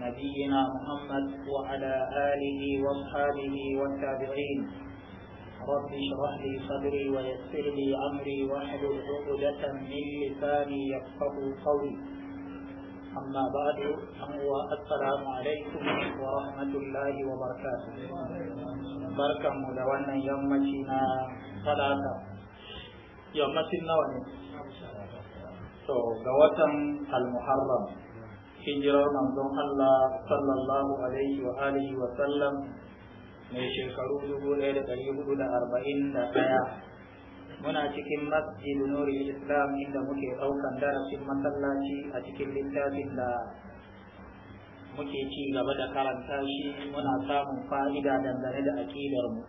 نبينا محمد وعلى آله واصحابه والتابعين رب اشرح لي صدري ويسر لي أمري واحلل عقدة من لساني يفقه قولي أما بعد فهو السلام عليكم ورحمة الله وبركاته بركة مدونة يمتنا ثلاثة يمتنا ونسى so ga watan al-muharram hijirar manzon Allah sallallahu alaihi wa alihi wa sallam mai shekaru dubu ɗaya da da arba'in da ɗaya muna cikin masjid nuri islam inda muke ɗaukan darasin masallaci a cikin littafin da muke ci gaba da karanta shi muna samun fa'ida dangane da mu.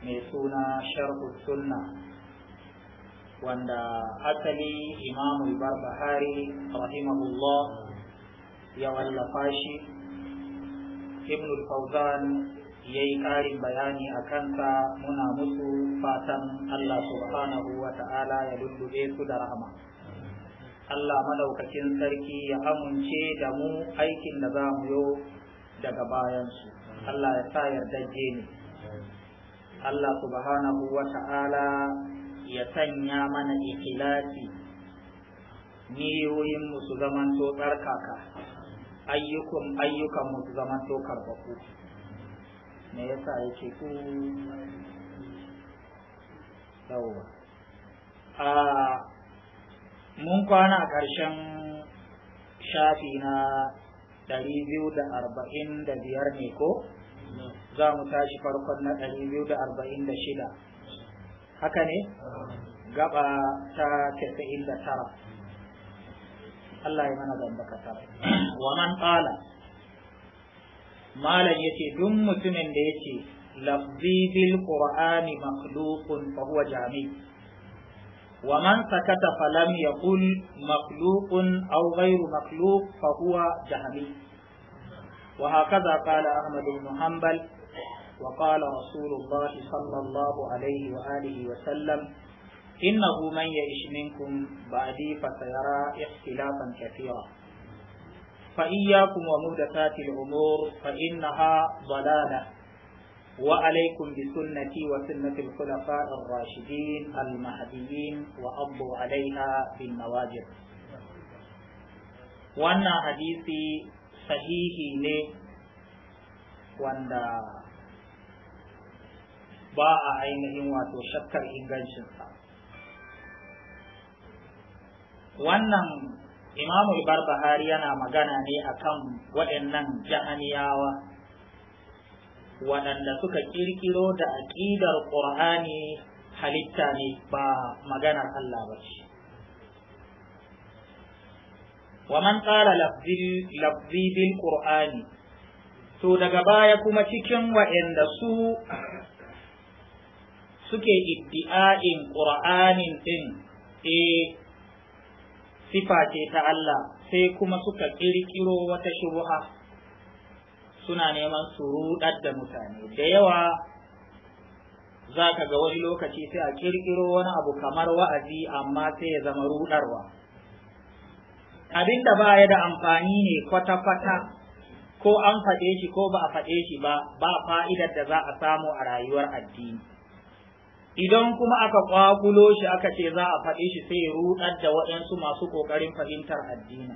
mai suna sharhu sunna wanda asali imamu barbahari rahimahullah ya wallafa shi ibn fauzan ya yi ƙarin bayani a kansa muna musu fatan allah subhanahu wa ta'ala ya lullube su da rahama allah madaukakin sarki ya amince da mu aikin da za mu yo daga bayansu allah ya sa yarda ne allah subhanahu wa ta'ala ya sanya mana ikilasi niyoyinmu su zamanto tsarkaka ayyukan ayyukan mu su zama to karbaku me yasa yake ku yawwa a mun kwana a ƙarshen shafi na ɗari biyu da arba'in da biyar ne ko za mu tashi farkon na ɗari biyu da arba'in da shida haka ne gaba ta casa'in da tara Allah ya mana gamba kasar wa man qala malam yace duk mutumin da yace lafzi bil qur'ani makhluqun fa huwa jami wa man sakata falam yaqul makhluqun aw ghayru makhluq fa huwa jahmi wa hakaza qala ahmad ibn hanbal وقال رسول الله صلى الله عليه وآله وسلم innahu man ya'ish minkum ba'di fa sayara ikhtilafan kathira fa iyyakum wa muhdathati al-umur fa innaha dalalah وعليكم بسنتي وسنة الخلفاء الراشدين المهديين وأضوا عليها بالنواجذ wannan hadisi sahihi ne wanda ba a ainihin wato shakkar ingancinsa wannan imamu bahari yana magana ne akan waɗannan jahaniyawa waɗanda suka ƙirƙiro da aƙidar ƙur'ani halitta ne ba maganar Allah ba ce waman ƙara lafzi bil ƙur'ani to daga baya kuma cikin waɗanda su suke iddi'a'in ƙur'anin ɗin eh sifa ce ta Allah sai kuma suka ƙirƙiro wata shubuha suna neman su ruɗar da mutane da yawa za ka ga wani lokaci sai a ƙirƙiro wani abu kamar wa'azi amma sai ya zama ruɗarwa Abinda da ba ya da amfani ne kwata-kwata ko an faɗe shi ko ba a faɗe shi ba ba fa'idar da za a samu a rayuwar addini idan kuma aka kwakulo shi aka ce za a faɗi shi sai rudar da waɗansu masu ƙoƙarin fahimtar addini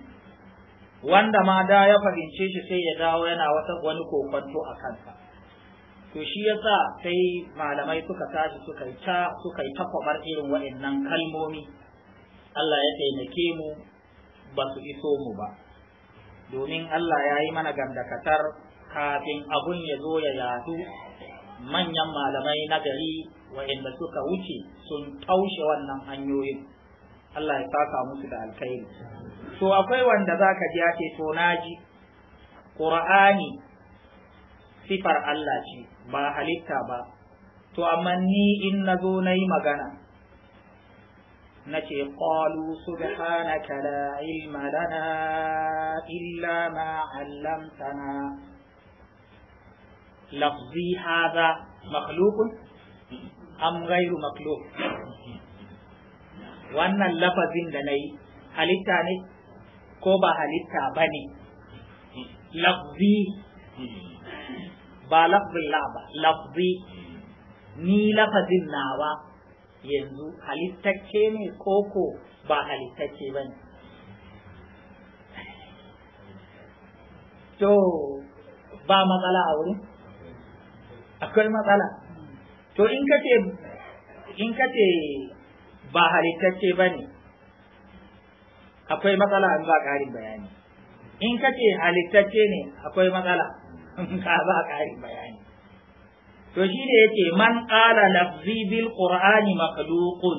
wanda ma da ya fahimce shi sai ya dawo yana wata wani kokwanto a kansa to shi yasa sai malamai suka tashi suka yi ta suka yi ta kwabar irin waɗannan kalmomi Allah ya taimake mu ba su iso mu ba domin Allah ya yi mana gandakatar kafin abun ya zo ya yadu manyan malamai na gari wa'inda suka wuce sun taushe wannan hanyoyin Allah ya saka musu da alkhairi to akwai wanda za ka ji ce to naji ƙura'ani sifar Allah ce ba halitta ba to amma ni in na zo na yi magana na ce ƙwalu subhanaka la ilma lana illa ma lafzi haza makhlukun am ghairu makhluk wannan lafazin da na yi halitta ne ba halitta ba ne lafzi ba lafzin la ba lafzi ni lafazin nawa yanzu halittacce ne koko ba halittacce ba ne to ba matsala a wurin akwai matsala to in ka ce in ka ce ba halittacce ba ne akwai matsala in ba ƙarin bayani in ka ce halittacce ne akwai matsala in ka ba ƙarin bayani to shi ne yake man ƙara lafzi bil qur'ani makhluqun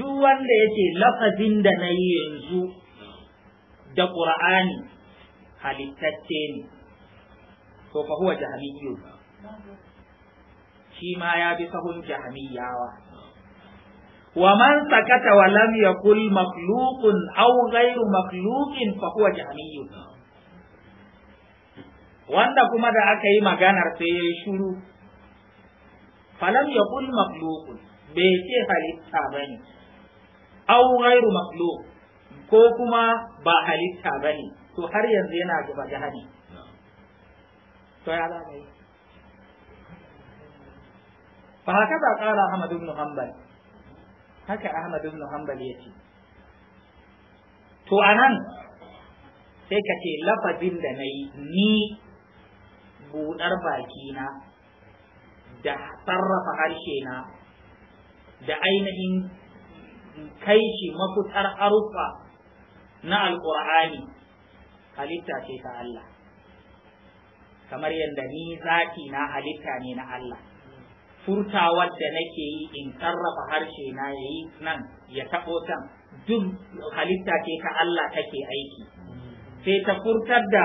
duk wanda yake lafazin da na yi yanzu da qur'ani halittacce ne to fa huwa jahmiyyu shi ma ya bi sahun jahamiyawa wa man sakata wa lam yakul makhluqun aw ghayru makhluqin fa huwa jahamiyyu wanda kuma da aka yi maganar sai ya shuru lam yakul makhluqun bai ce halitta bane aw ghayru makhluq ko kuma ba halitta bane to har yanzu yana gaba jahani to ya zama Ba haka za qala Ahmad ibn Hanbal haka Ahmad ibn Hanbal to anan sai ka ce lafazin da nayi ni buɗar bakina da sarrafa harshe na da ainihin kai shi mafitar harufa na alƙur'ani halitta ce ta Allah kamar yadda ni zaki na halitta ne na Allah furtawar da nake yi in sarrafa harshe na yayi nan ya taɓo can duk halitta ce ka Allah take aiki sai ta furtar da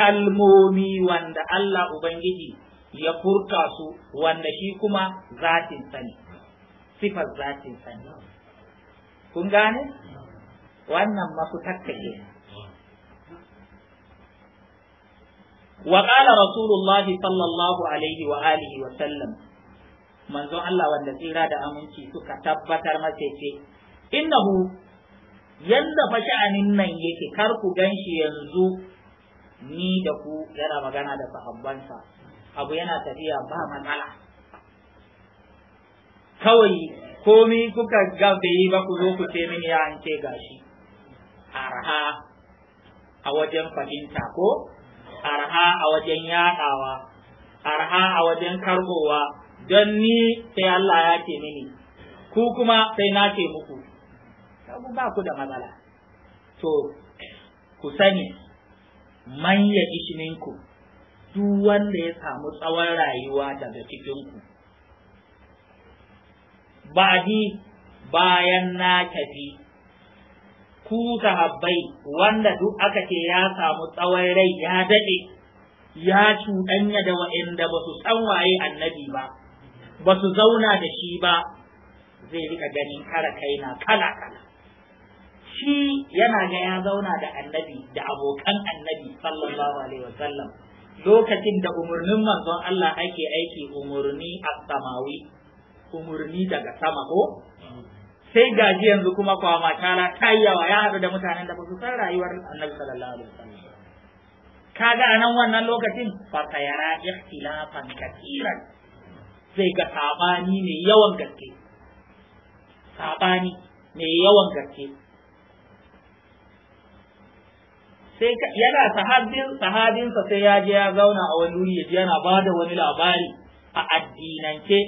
kalmomi wanda Allah Ubangiji ya furta su wanda shi kuma zatin sani sifar zatin sani kun gane wannan mafitar take وقال رسول الله صلى الله عليه وآله وسلم manzon Allah wanda tsira da aminci suka tabbatar masa ce innahu yanda fa sha'anin nan yake kar ku ganshi yanzu ni da ku yana magana da sahabbansa abu yana tafiya ba matsala kawai komi kuka gabe ba ku zo ku ce min ya an ce gashi arha a wajen fahimta ko arha a wajen yaɗawa arha a wajen karbowa don ni sai Allah ya ce mini ku kuma sai na ce muku ku ba ku da matsala to ku sani man ya ishiminku duk wanda ya samu tsawon rayuwa daga cikinku ba ni bayan na tafi ku sahabbai wanda duk aka ce ya samu tsawon rai ya daɗe ya cuɗanya da wa'inda ba su san waye annabi ba ba su zauna da shi ba zai rika ganin kara kaina kala kala shi yana ga ya zauna da annabi da abokan annabi sallallahu alaihi wasallam lokacin da umarnin manzon Allah ake aiki umarni a samawi umarni daga sama ko sai gaji yanzu kuma kwama tara tayyawa ya haɗu da mutanen da su san rayuwar annabi sallallahu alaihi wasallam kaga anan nan wannan lokacin fa sayara ikhtilafan katiran zai ga sabani mai yawan gaske sabani mai yawan gaske sai yana sahabin sa sai ya je ya zauna a wani wuri yaji yana ba da wani labari a addinance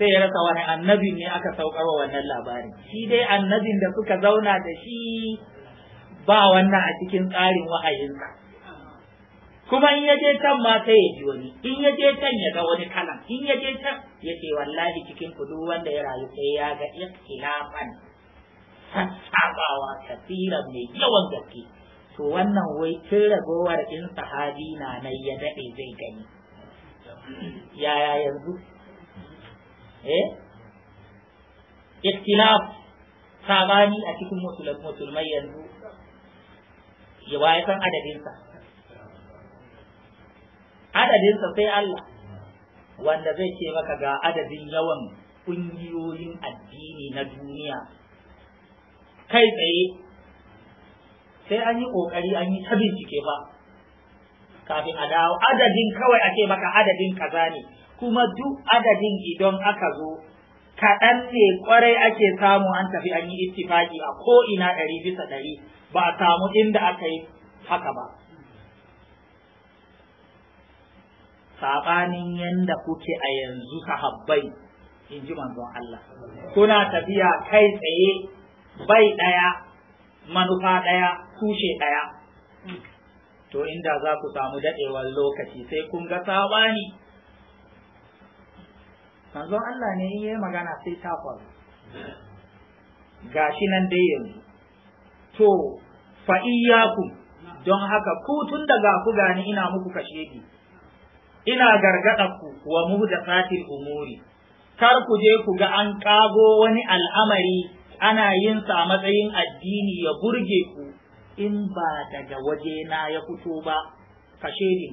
sai ya rasa wani annabi ne aka saukar wa wannan labarin shi dai annabin da suka zauna da shi ba wannan a cikin tsarin wa'ayinsa kuma in yaje can ma sai ya ji wani in yaje can ya ga wani kalan in yaje can ya ce wallahi cikin kudu wanda ya rayu sai ya ga ikhtilafan sassabawa kasira mai yawan gaske to wannan wai tun ragowar in sahabi na nan ya daɗe zai gani yaya yanzu eh ikhtilaf sabani a cikin musulmai yanzu ya san adadinsa adadinsa sai Allah wanda zai ce maka ga adadin yawan ƙungiyoyin addini na duniya kai tsaye sai an yi ƙoƙari an yi ta bincike ba kafin a dawo adadin kawai ake maka adadin kaza ne kuma duk adadin idan aka zo kaɗan ne kwarai ake samu an tafi an yi istifaki a ko ina ɗari bisa ɗari ba a samu inda aka yi haka ba sabanin yanda kuke a yanzu sahabbai in ji manzon Allah kuna tafiya kai tsaye bai ɗaya, manufa ɗaya, tushe ɗaya. to inda za ku samu dadewar lokaci sai kun ga sabani manzon Allah ne in yayi magana sai ta faru gashi nan dai yanzu to fa iyyakum don haka ku tun daga ku gani ina muku kashedi ina gargada ku wa muhdatsatil umuri kar ku je ku ga an kago wani al'amari ana yin sa a matsayin addini ya burge ku in ba daga waje na ya fito ba ka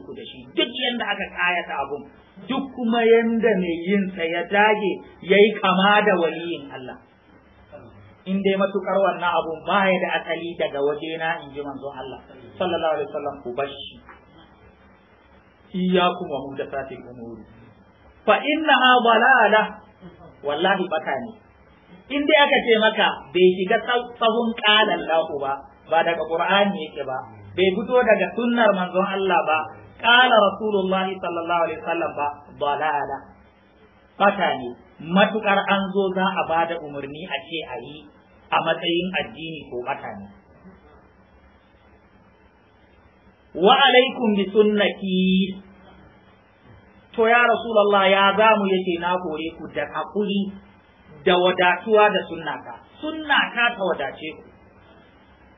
ku da shi duk yanda aka kayata abun duk kuma yanda mai yin sa ya dage yayi kama da waliyin Allah in dai matukar wannan abun ba ya da asali daga waje na in ji manzon Allah sallallahu alaihi wasallam ku bashi iyyakum wa muhdathatil umur fa innaha balala wallahi baka ne in dai aka ce maka bai shiga sahun qalan lahu ba ba daga qur'ani yake ba bai fito daga sunnar manzon Allah ba qala rasulullahi sallallahu alaihi wasallam ba balala baka ne matukar an zo za a bada umarni a ce a yi a matsayin addini ko baka ne wa alaikum bi sunnati to ya rasulullah ya zamu yace na kore ku da hakuri da wadatuwa da sunnata sunnata ta wadace ku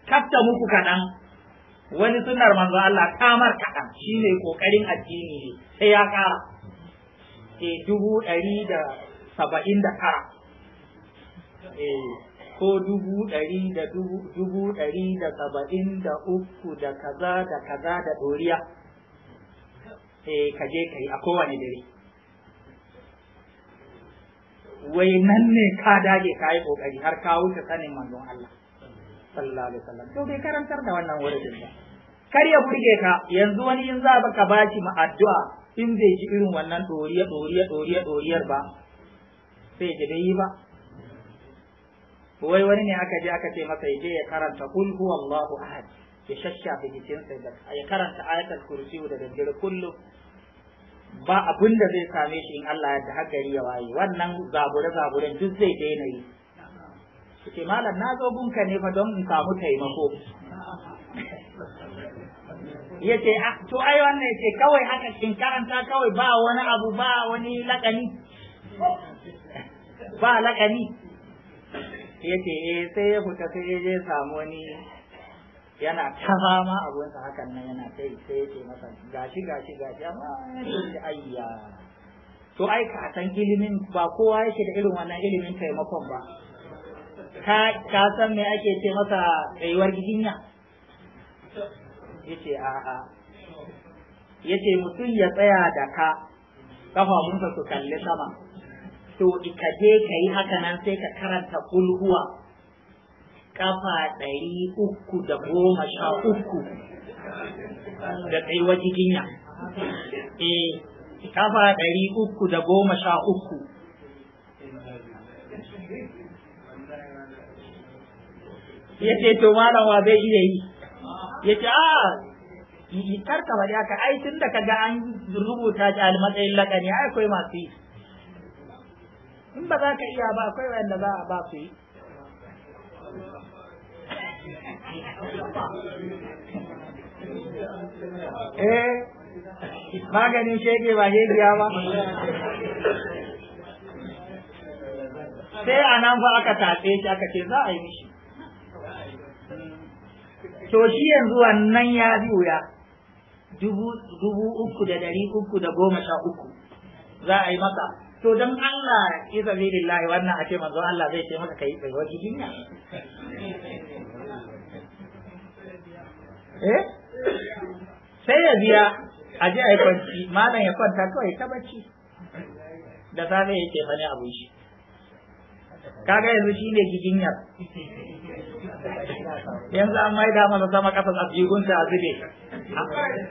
kafta muku kaɗan wani sunnar manzo Allah kamar kaɗan shi ƙoƙarin addini ne sai ya ƙara e dubu ɗari da saba'in da tara eh. ko dubu ɗari da dubu ɗari da saba'in da uku da kaza da kaza da ɗoriya eh ka je ka yi a kowane dare wai nan ne ka dage ka yi ƙoƙari har ka wuce sanin manzon Allah sallallahu alaihi wasallam to bai karantar da wannan wurin ba kar ya burge ka yanzu wani in za ka ba shi addu'a in zai ji irin wannan ɗoriya ɗoriya ɗoriya ɗoriyar ba sai ji bai yi ba wai wani ne aka je aka ce masa ya je ya karanta kul huwallahu ahad ya bi jikinsa da ya karanta ayatul kursi da daddare kullu ba abin da zai same shi in Allah ya hagari ya waye wannan zabure zaburen duk zai daina yi suke malam na zo gunka ne fa don in samu taimako ya ce a, ah, to ai wannan ya ce kawai haka in karanta kawai ba wani abu ba wani lakani ba lakani ya ce eh sai ya fita sai ya je samu wani yana ta fama abunsa hakan nan yana sai sai ya ce masa gashi gashi gashi amma ya ayya to ai ka san ilimin ba kowa yake da irin wannan ilimin taimakon ba ka ka san me ake ce masa tsayuwar gidinya yace a a yace mutum ya tsaya da ka kafa kafafunsa su kalli sama to ka je ka yi haka nan sai ka karanta kulhuwa kafa ɗari uku da goma sha uku da tsaiwa jiginya eh kafa ɗari uku da goma sha uku ya ce to wa zai iya yi ya ce a ah, yi karka bari aka ai tun da ka ga an rubuta shi a matsayin lakani ai akwai masu yi in ba za ka iya ba akwai wanda za a ba su yi eh maganin shege ba shegiya ba sai a nan fa aka tatse shi aka ce za a yi mishi to shi yanzu wannan ya bi wuya dubu uku da dari uku da goma sha uku za a yi masa to dan Allah iza lillahi wannan a ce manzo Allah zai ce maka kai bai wajibi jinya eh sai ya biya a je a kwanci malam ya kwanta kawai ta bacci da safe yake bane abun shi kaga yanzu shi ne giginyar yanzu an da masa sama kasa a jigunta a zube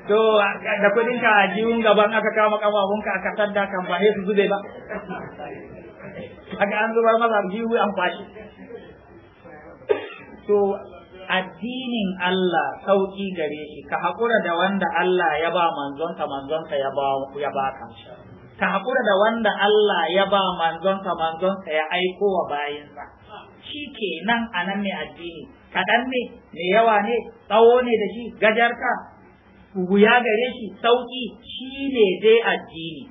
to da kudin ka a jigun gaban aka kama kafafun aka sadda kan ba su zube ba aka an zubar masa jiwu an fashi to addinin Allah sauki gare shi ka haƙura da wanda Allah ya ba manzonka manzonka ya ba ya ka haƙura da wanda Allah ya ba manzonsa manzonsa ya aiko wa bayansa shi ke nan a nan ne addini kaɗan ne mai yawa ne tsawo ne da shi gajarka wuya gare shi sauƙi shi ne dai addini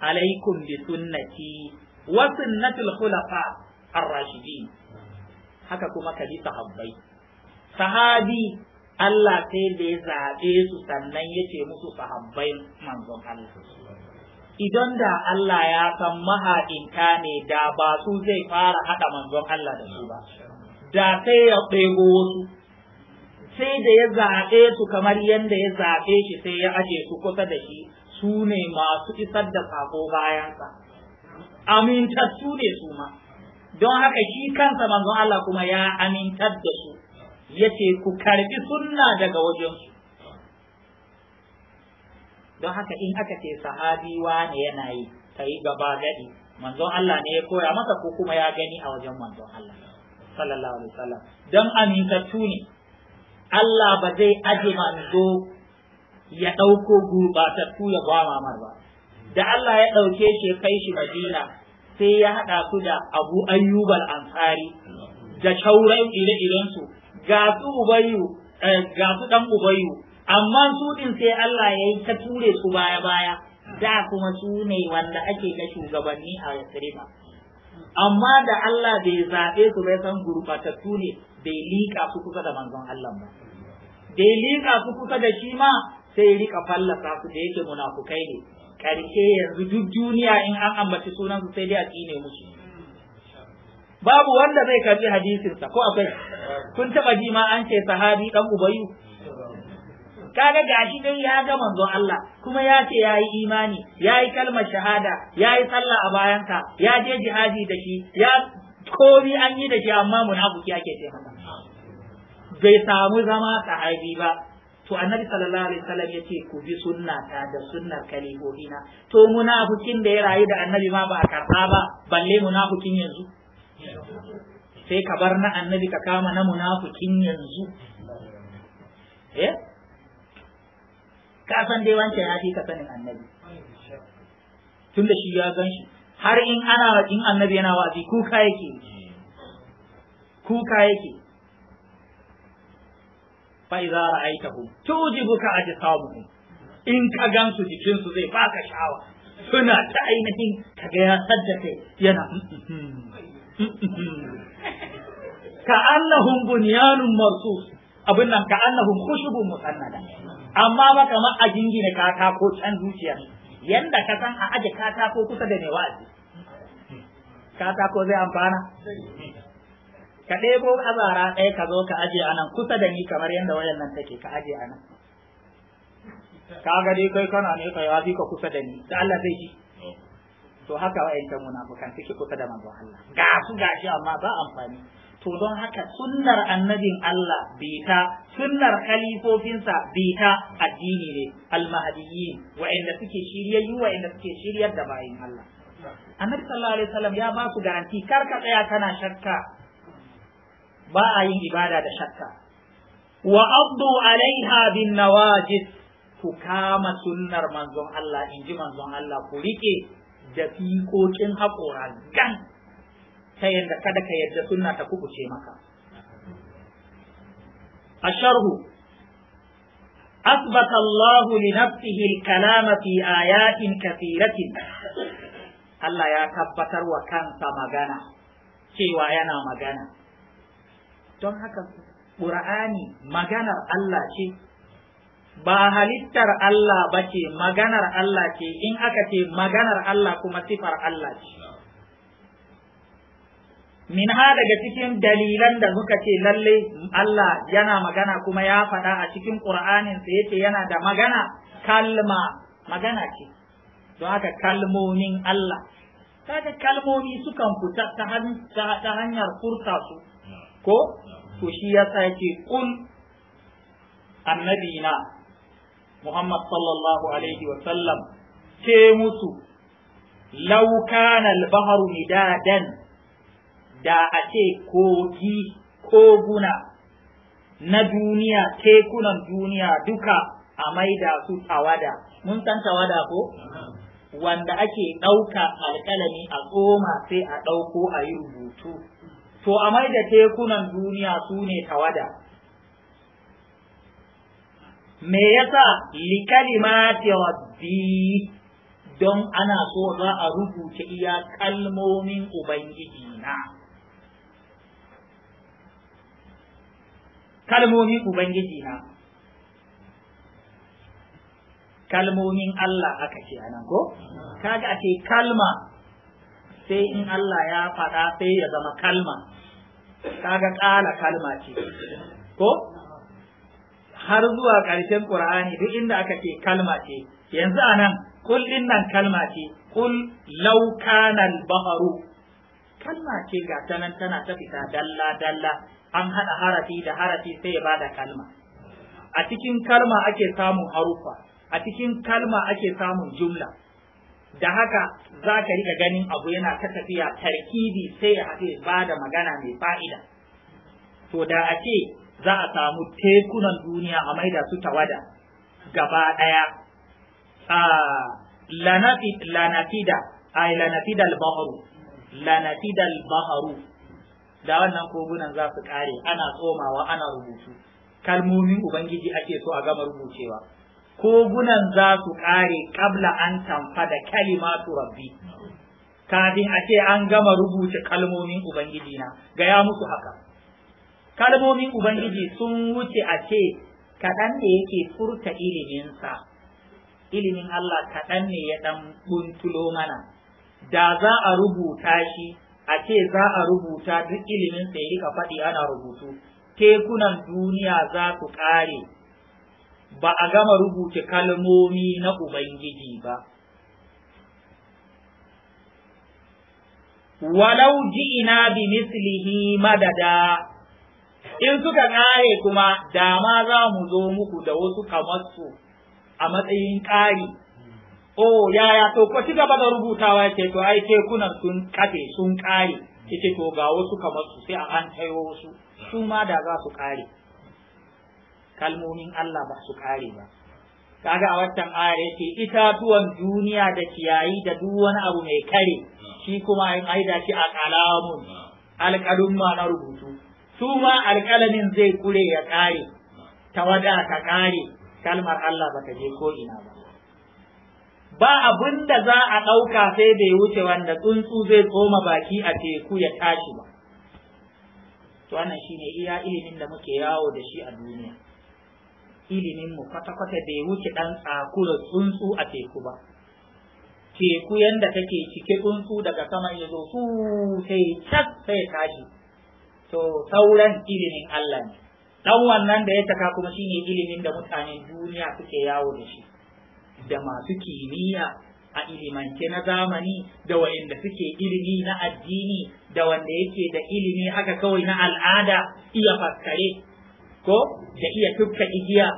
alaikum bi sunnati wa sunnatul khulafa ar-rashidin haka kuma ka bi sahabbai sahabi Allah sai bai zaɓe su sannan ya ce musu sahabbai manzon Allah idan da Allah ya san mahaɗinka ne da ba su zai fara haɗa manzon Allah da su ba da sai ya ɗebo wasu sai da ya zaɓe su kamar yadda ya zaɓe shi sai ya aje su kusa da shi su ne masu isar da sako bayansa amintattu ne su ma don haka shi kansa manzon Allah kuma ya amintar da su yace ku karbi sunna daga wajensu don haka in aka ce sahabi wane yana yi yi gaba gadi manzon Allah ne ya koya masa ko kuma ya gani a wajen manzon Allah sallallahu alaihi wasallam don amintattu ne Allah ba zai aje manzo ya ɗauko gurɓatattu ya ba mamar ba da Allah ya ɗauke shi ya kai shi Madina sai ya haɗa su da Abu Ayyub ansari da shauran ire-irensu ga su Ubayyu eh, ga su dan Ubayyu amma su din sai Allah ya yi ta ture su baya baya da kuma su ne wanda ake ga shugabanni a yasrima amma da Allah bai zaɓe su bai san gurɓatattu ne bai liƙa su kusa da manzon Allah ba bai liƙa su kusa da shi ma sai rika fallasa su da yake munafukai ne ƙarshe yanzu duk duniya in an ambaci sunan su sai dai a tsine musu babu wanda zai karbi hadisinsa ko akwai kun taba ji ma an ce sahabi dan ubayu kaga gashi dai ya ga manzo Allah kuma ya ce ya yi imani ya yi kalmar shahada ya yi sallah a bayanka ya je jihadi da shi ya komi an yi da shi amma munafiki ake ce bai samu zama sahabi ba to annabi sallallahu alaihi wasallam yace ku bi sunna ta da sunnar kalihobina to munafikin da ya rayu da annabi ma ba a karba ba balle munafikin yanzu sai ka bar na annabi ka kama na munafikin yanzu eh ka san dai wancan ya fi ka sanin annabi tun da shi ya gan shi har in ana in annabi yana wa'azi kuka yake kuka yake fa idza ra'aytahum tujibuka ajsamuhum in ka gansu jikinsu zai baka sha'awa suna ta ainihin kaga ya sadda kai yana mm, mm, mm, ka annahum bunyanun marsus abin nan ka annahum khushubun musannada amma ba kamar a jingina katako can zuciya yanda ka san a aje katako kusa da mai wa'azi katako zai amfana ka ɗebo azara ɗaya ka zo ka aje a nan kusa da ni kamar yadda wayan nan take ka aje a nan ka ga dai kai kana ne ka yafi ka kusa da ni da Allah zai ji oh. to haka wa'ancan munafukan suke kusa da manzon Allah ga su gashi amma ba amfani to don haka sunnar annabin Allah bita sunnar khalifofinsa bita addini ne almahadiyyin wa'anda suke shiryayyu wa'anda suke shiryar da bayin Allah annabi sallallahu alaihi wasallam ya ba su garanti kar ka tsaya kana shakka ba a yin ibada da shakka wa abdu alaiha bin nawajis ku kama sunnar manzon Allah in ji manzon Allah ku rike da fiƙoƙin haƙora gan ta yadda kada ka yadda sunna ta kubuce maka asharhu li nafsihi al-kalama fi ayatin kathiratin Allah ya tabbatar wa kansa magana cewa yana magana don haka Al-Qur'ani maganar Allah ce ba halittar Allah ba ce maganar Allah ce in aka ce maganar Allah kuma sifar Allah ce min ha daga cikin dalilan da suka ce lalle Allah yana magana kuma ya faɗa a cikin Qur'anin sa yake yana da magana kalma magana ce don haka kalmomin Allah kaga kalmomi sukan fita ta hanyar furta su ko to shi ya sake kul annabina Muhammad sallallahu alaihi wa sallam ce musu law kana al-bahru midadan da a ce kogi koguna na duniya tekunan duniya duka a maida su tawada mun san tawada ko wanda ake ɗauka alƙalami a tsoma sai a ɗauko a yi rubutu to a maida tekunan duniya su ne tawada me yasa likalimati rabbi don ana so za a rubuta iya kalmomin ubangiji na kalmomin ubangiji na kalmomin Allah aka ce anan ko kaga a ce kalma sai in Allah ya faɗa sai ya zama kalma kaga ƙala kalma ce ko har zuwa ƙarshen Qur'ani duk inda aka ce kalma ce yanzu anan kul nan kalma ce kul law kana kalma ce ga tanan tana ta fita dalla dalla an haɗa harafi da harafi sai ya bada kalma a cikin kalma ake samun harufa a cikin kalma ake samun jumla da haka za ka riƙa ganin abu yana ta tafiya tarkibi sai ya haɗe ba da magana mai fa'ida to da a ce za a samu tekunan duniya a maida su tawada gaba ɗaya a lanafida ai baharu da wannan kogunan za su kare ana tsomawa ana rubutu kalmomin ubangiji ake so a gama rubucewa kogunan za su kare kabla an tamfa da kalimatu rabbi kafin a ce an gama rubuta kalmomin ubangiji na gaya musu haka kalmomin ubangiji sun wuce a ce kaɗan ne yake furta iliminsa ilimin Allah kaɗan ne ya ɗan buntulo mana da za a rubuta shi a ce za a rubuta duk ilimin sai rika faɗi ana rubutu tekunan duniya za su ƙare ba a gama rubuta kalmomi na ubangiji ba walau ji'ina bi mislihi madada in suka ƙare kuma dama za mu zo muku da wasu kamar su a matsayin ƙari oh yaya to ko ci gaba da rubutawa yake to ai kuna sun kafe sun kare yace to ga wasu kamar su sai an tayo wasu su ma da za su kare kalmomin Allah ba su kare ba kaga a watan aya yake itatuwan duniya da ciyayi da duk wani abu mai kare shi kuma ai da shi a kalamun alqalum ma na rubutu su ma alqalamin zai kure ya kare tawada ta kare kalmar Allah ba ta je ko ina ba ba abin da za a ɗauka sai bai wuce wanda tsuntsu zai tsoma baki a teku ya tashi ba to wannan shine iya ilimin da muke yawo da shi a duniya ilimin mu kwata-kwata bai wuce ɗan tsakura tsuntsu a teku ba teku yanda take cike tsuntsu daga sama ya zo su sai cas sai tashi to sauran ilimin Allah ne dan wannan da ya saka kuma shine ilimin da mutanen duniya suke yawo da shi da masu kimiyya a ilimance na zamani da wanda suke ilimi na addini da wanda yake da ilimi haka kawai na al'ada iya faskare ko da iya tufka igiya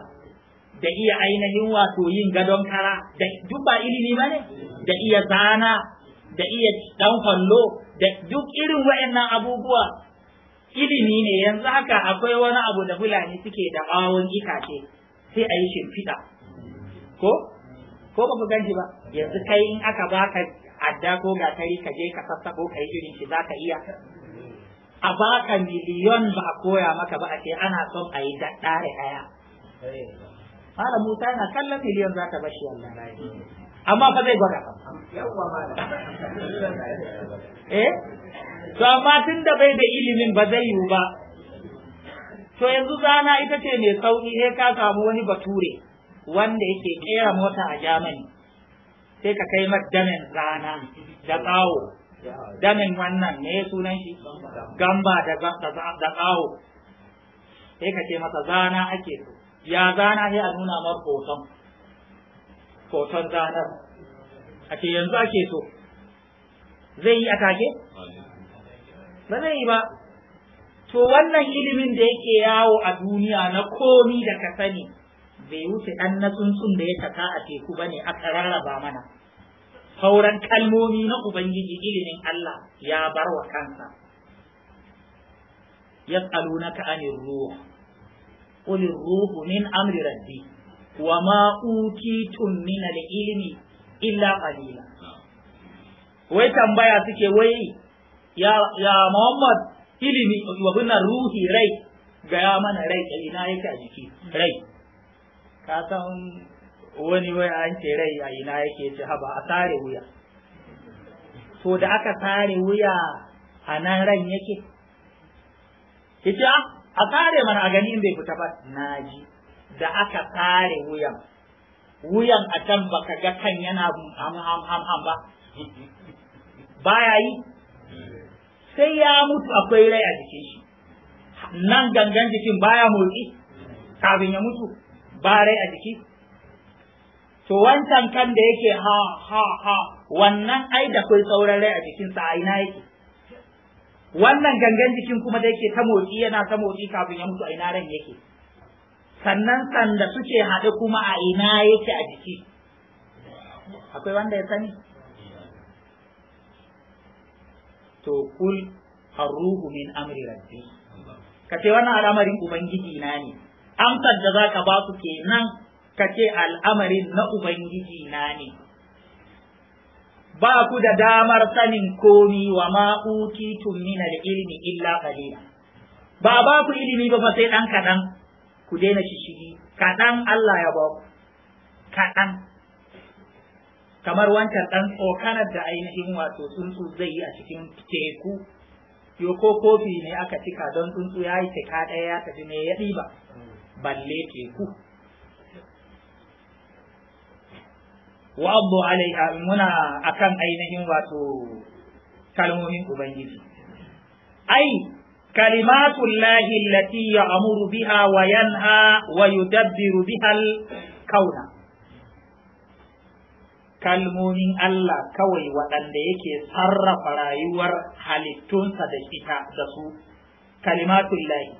da iya ainihin wato yin gadon kara da duk ba ilimi ba da iya zana da iya dan fallo da duk irin wayannan abubuwa ilimi ne yanzu haka akwai wani abu da fulani suke da bawon itace sai a yi shimfiɗa ko ko ba ku ganshi ba yanzu kai in aka baka adda ko gatari ka je ka sassako ka yi irin shi zaka iya a baka miliyon ba a koya maka ba a ce ana son a yi daddare daya fara musa yana kallon miliyon za ta bashi wannan amma fa zai gwada ba eh to amma tun da bai da ilimin ba zai yiwu ba to yanzu zana ita ce mai sauki sai ka samu wani bature wanda yake kera mota a Germany sai ka kai mar damin rana da tsawo damin wannan me sunan shi gamba da tsawo sai ka ce masa zana ake so ya zana sai a nuna mar hoton hoton zanar a ce yanzu ake so zai yi a take ba zai yi ba to wannan ilimin da yake yawo a duniya na komi da ka sani bai wuce ɗan na tsuntsun da ya saka a teku ba ne aka rarraba mana sauran kalmomi na ubangiji ilimin Allah ya bar wa kansa Ya ka anir ruwa. ƙulin ruhu min amri rabbi wa ma utitum min al ilimi illa qalila wai tambaya suke wai ya Muhammad ilimi wa ruhi rai ga mana rai ina yake a jiki rai ka san wani wai an ce rai a ina yake ce haba a sare wuya So da aka sare wuya a nan ran yake yace ah, a sare mana a gani bai fita ba naji da aka sare wuyan wuyan a can baka ga kan yana ham ham ham ham ba baya yi sai ya mutu akwai rai a jikin shi nan gangan jikin baya motsi kafin ya mutu barai a jiki to wancan kan da yake ha ha ha wannan ai da kai sauran rai a jikinsa a ina yake wannan gangan jikin kuma da yake ta motsi yana ta motsi kafin ya mutu a ina ran yake sannan sanda suke haɗe kuma a ina yake a jiki akwai wanda ya sani to kul arruhu min amri rabbi kace wannan al'amarin ubangiji na ne amsar da za ka ba su kenan ka ce al'amarin na ubangiji na ne ba ku da damar sanin komi wa ma'utitun da ilimi illa qalila ba ba ku ilimi ba fa sai dan kaɗan ku daina shishigi kaɗan Allah ya ba ku kaɗan kamar wancan ɗan tsokanar da ainihin wato tsuntsu zai yi a cikin teku yo ko kofi ne aka cika don tsuntsu ya yi teka ɗaya ya tafi ne ya ɗiba balle teku wa abu muna akan ainihin wato kalmomin ubangiji ai kalimatun lahi lati amuru biha wa yanha wa yudabbiru bihal kauna kalmomin Allah kawai waɗanda yake sarrafa rayuwar halittunsa da ita da su kalimatun lahi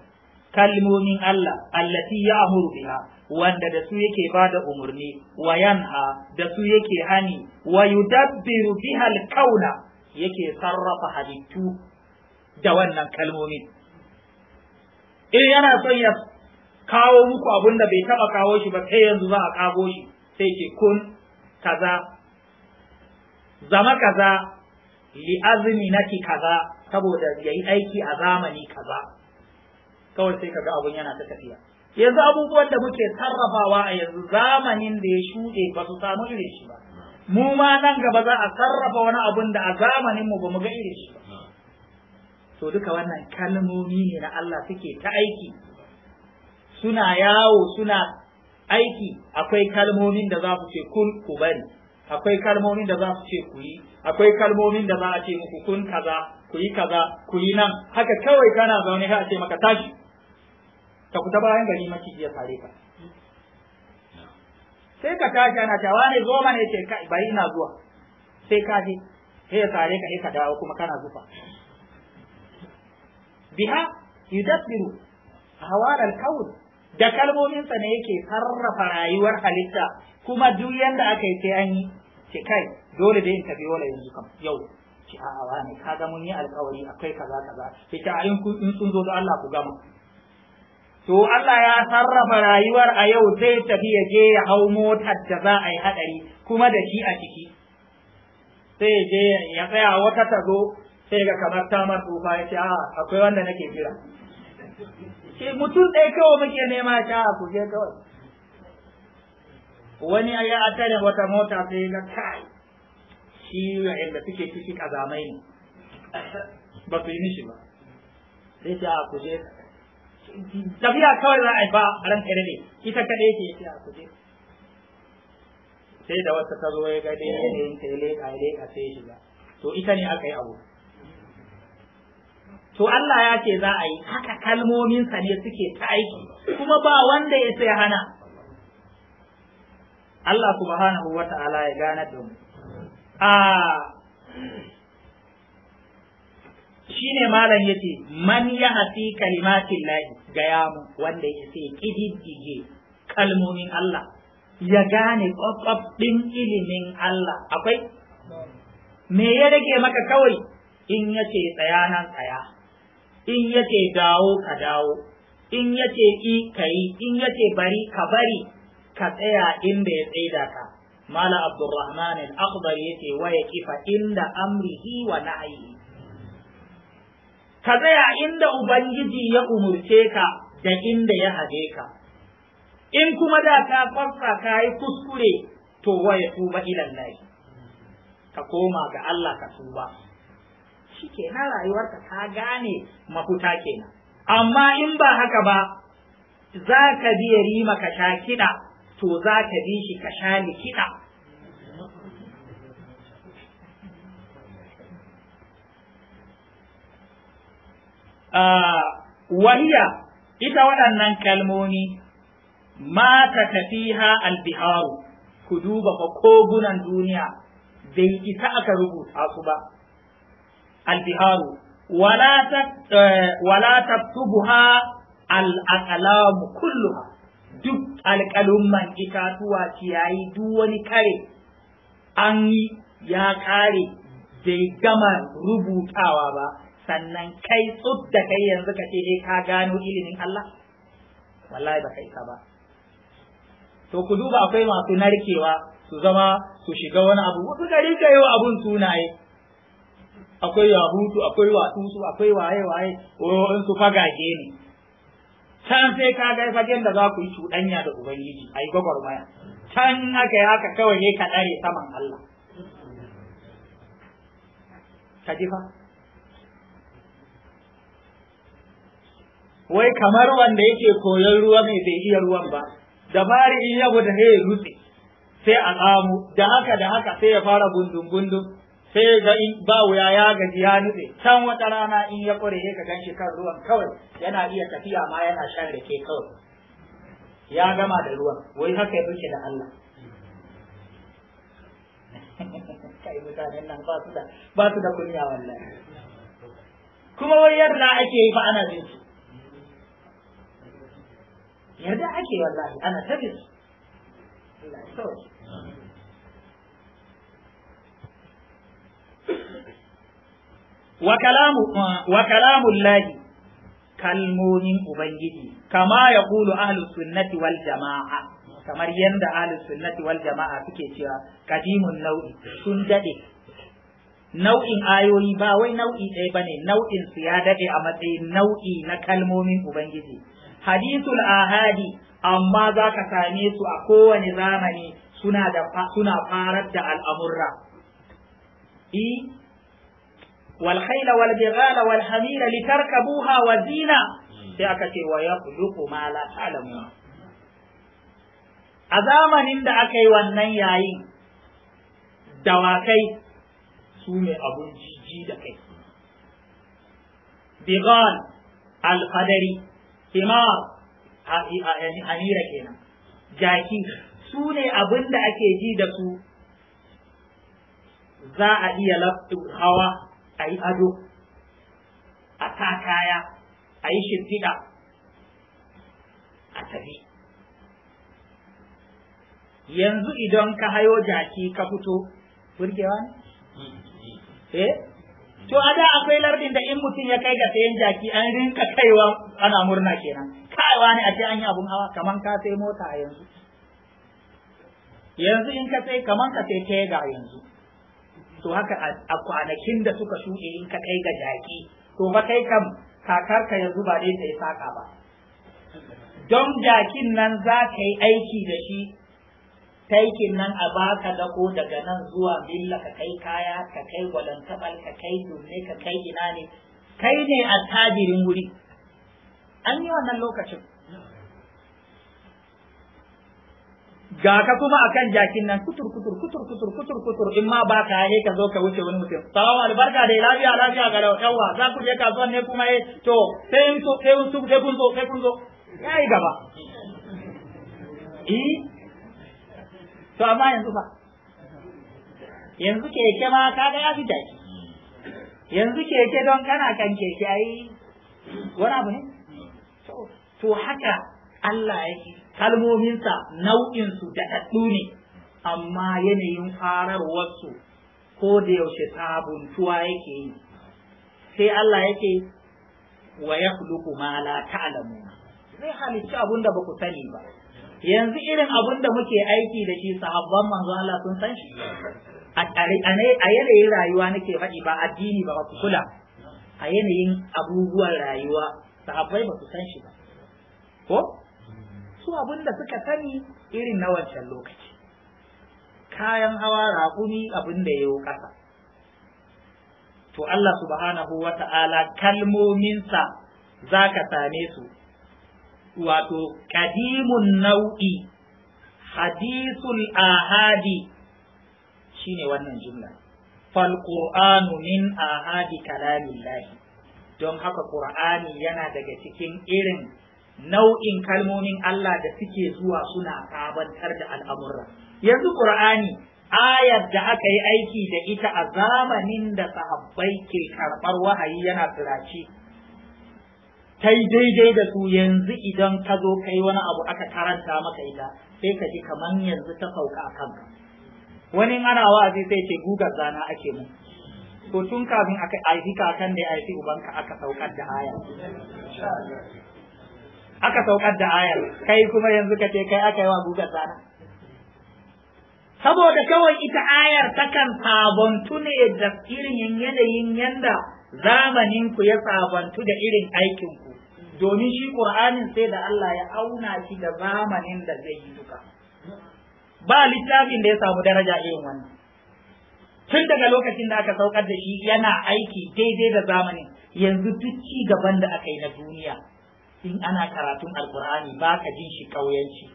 kalmomin Allah allati ya amuru biha wanda da su yake ba da umarni wa yanha da su yake hani wa yudabbiru biha alqawla yake sarrafa halittu da wannan kalmomi in yana son ya kawo muku abin da bai taba kawo shi ba sai yanzu za a kago shi sai ke kun kaza zama kaza li azmi naki kaza saboda yayi aiki a zamani kaza kawai sai kaga abun yana ta tafiya yanzu abubuwan da muke sarrafawa a yanzu zamanin da ya shuɗe ba su samu irin shi ba mu ma nan gaba za a sarrafa wani abun da a zamanin mu ba mu ga irin shi ba to duka wannan kalmomi ne na Allah suke ta aiki suna yawo suna aiki akwai kalmomin da za su ce kun ku bari akwai kalmomin da za su ce ku yi akwai kalmomin da za a ce muku kun kaza ku yi kaza ku yi nan haka kawai kana zaune ka ce maka tashi ka fita bayan gari maki ya sare ka sai ka tashi ana cewa ne zo mana yace kai bai ina zuwa sai ka je sai ya sare ka ka dawo kuma kana zufa biha yudabbiru hawala al-kawn da sa ne yake sarrafa rayuwar halitta kuma duk yanda aka yi sai an yi ce kai dole dai in tafi wala yanzu kam yau ce a'a wani kaga mun yi alkawari akwai kaza kaza sai ta in sun zo da Allah ku gama to Allah ya sarrafa rayuwar a yau zai tafi ya je ya hau motar da za a yi haɗari kuma da shi a ciki sai ya je ya tsaya wata ta zo sai ga kamar ta tsufa ya ce a ah, akwai wanda nake jira Ke mutum ɗaya kawai muke nema ta ah, ku je kawai wani ya atare wata mota sai ga kai shi ya inda suke ciki kazamai ne ba su yi mishi ba sai ta ah, ku je tafiya kawai za a yi ba ran kare ne ita kaɗe ke ce a kuje sai da wata ta zo ya ga ne ta yi leƙa sai shiga to ita ne aka yi abu to Allah ya ce za a yi haka kalmominsa ne suke ta aiki kuma ba wanda ya sai hana Allah subhanahu wa ta'ala ya gane da mu a ah. shine malam yace man ya hafi kalimatin lahi gaya mu wanda ya ce ƙididdige kalmomin Allah ya gane kwakwab ilimin Allah akwai me ya rage maka kawai in yace tsaya nan tsaya in yace dawo ka dawo in yace ka yi. in yace bari ka bari ka tsaya inda ya tsaida ka mala abdurrahman al-akhdar yace waye kifa? inda amri amrihi wa nahyihi ka tsaya inda ubangiji ya umurce ka da inda ya haɗe ka in kuma da ta farsa ka yi kuskure to ya tuba ilallahi ka koma ga Allah ka tuba shi kenan rayuwarka ta gane mafuta kenan amma in ba haka ba za ka biya rima ka sha kiɗa to za ka bi shi ka sha kiɗa Ah, wahiya ita waɗannan kalmoni, mata ta tafiha albiharu ku duba fa kogunan duniya bai isa aka rubuta su ba albiharu wala ta eh, ha al'aqlamu kulluha duk alƙalumman itatuwa ciyayi duk wani kare an yi ya kare bai gama rubutawa ba sannan kai tsub da kai yanzu ka ce ka gano ilimin Allah wallahi ba kai ka ba to ku duba akwai masu narkewa su zama su shiga wani abu wasu gari ka wa abun sunaye akwai yahutu akwai watusu akwai waye waye in su fagage ne can sai ka ga fagen da za ku yi cuɗanya da ubangiji a yi gwagwarmaya can aka yi haka kawai ne ka ɗare saman Allah ka ji fa wai kamar wanda yake koyon ruwa mai bai iya ruwan ba da fari in ya guda sai ya rutse sai a tsamu da haka da haka sai ya fara gundun gundun sai ga in ba wuya ya gaji ya nutse can wata rana in ya kware ka gan shi kan ruwan kawai yana iya tafiya ma yana shan rake kawai ya gama da ruwan wai haka ya fice da Allah kai mutanen nan ba su da ba su da kunya wallahi kuma wai yadda ake yi fa ana jin yarda ake wallahi ana tafi wa kalamu wa kalamun lahi kalmomin ubangiji kama ya kulu ahlus sunnati wal jama'a kamar yanda ahlus sunnati wal jama'a suke cewa kadimun nau'i sun dade nau'in ayoyi ba wai nau'i ɗaya bane nau'in su ya dade a matsayin nau'i na kalmomin ubangiji hadisul ahadi amma za ka same su a kowane zamani suna da suna farar da al'amurra i wal khayla wal bighala wal wa zina hmm. sai aka ce wa yakhluqu ma la a zamanin da aka yi wannan yayin dawakai su mai abun jiji da kai bigal al himar amira kenan jaki su ne abin da ake ji da su za a iya hawa a yi ado a sa kaya a yi shimfiɗa a tafi yanzu idan ka hayo jaki ka fito burgewa ne? Hmm, hmm. eh to a da akwai lardin da in mutum ya kai ga sayan jaki an rinka kaiwa ana murna kenan kaiwa ne a ce an yi abun hawa kaman ka sai mota a yanzu yanzu in ka sai kaman ka sai kega yanzu to haka a kwanakin da suka shuɗe in ka kai ga jaki to ba kai kam kakarka yanzu ba dai ta yi saƙa ba don jakin nan za ka yi aiki da shi taikin nan a baka dako daga nan zuwa billa ka kai kaya ka kai walantabal ka kai dune ka kai ina ne kai ne a tajirin wuri an yi wannan lokacin ga ka kuma akan jakin nan kutur kutur kutur kutur kutur kutur in ma ba ka yi ka zo ka wuce wani mutum salamu albarka da lafiya lafiya ga yawa za ku je kasuwan ne kuma eh to sai kun so sai kun zo sai kun zo yi gaba eh? to amma yanzu fa yanzu keke ma ka ga ya fi jaki yanzu keke don kana kan keke ai wani abu ne to haka Allah yake kalmominsa su da ɗaɗɗu ne amma yanayin fararwarsu ko da yaushe sabuntuwa yake yi sai Allah yake wa ya ma la ta'lamuna zai halicci abun ba ku sani ba yanzu irin abun da muke aiki da shi sahabban manzo Allah sun san shi a yanayin rayuwa nake faɗi ba addini ba ku kula a yanayin abubuwan rayuwa sahabbai ba su san shi ba ko su abin suka sani irin na wancan lokaci kayan hawa raƙumi abin da ya yi ƙasa to Allah subhanahu wa ta'ala kalmominsa za ka same su wato kadimun nau'i hadisul ahadi shine wannan jumla fal qur'anu min ahadi kalamillahi don haka qur'ani yana daga cikin irin nau'in kalmomin Allah da suke zuwa suna kabantar da al'amurra yanzu qur'ani ayar da aka yi aiki da ita a zamanin da sahabbai ke karɓar wahayi yana tsiraci ta yi daidai da su yanzu idan ka zo kai wani abu aka karanta maka ita sai ka ji kamar yanzu ta sauka a kanka wani ana wa'azi sai ce gugar zana ake mu to tun kafin aka ka kakan da ya aifi ubanka aka saukar da aya aka saukar da aya kai kuma yanzu ka ce kai aka yi wa gugar zana saboda kawai ita ayar takan sabontu ne da irin yanayin yanda ku ya sabantu da irin aikinku domin shi ƙur'anin sai da Allah ya auna shi da zamanin da zai yi duka ba littafin da ya samu daraja irin wannan tun daga lokacin da aka saukar da shi yana aiki daidai da zamanin yanzu duk ci gaban da aka yi na duniya in ana karatun alkur'ani ba ka jin shi ƙauyanci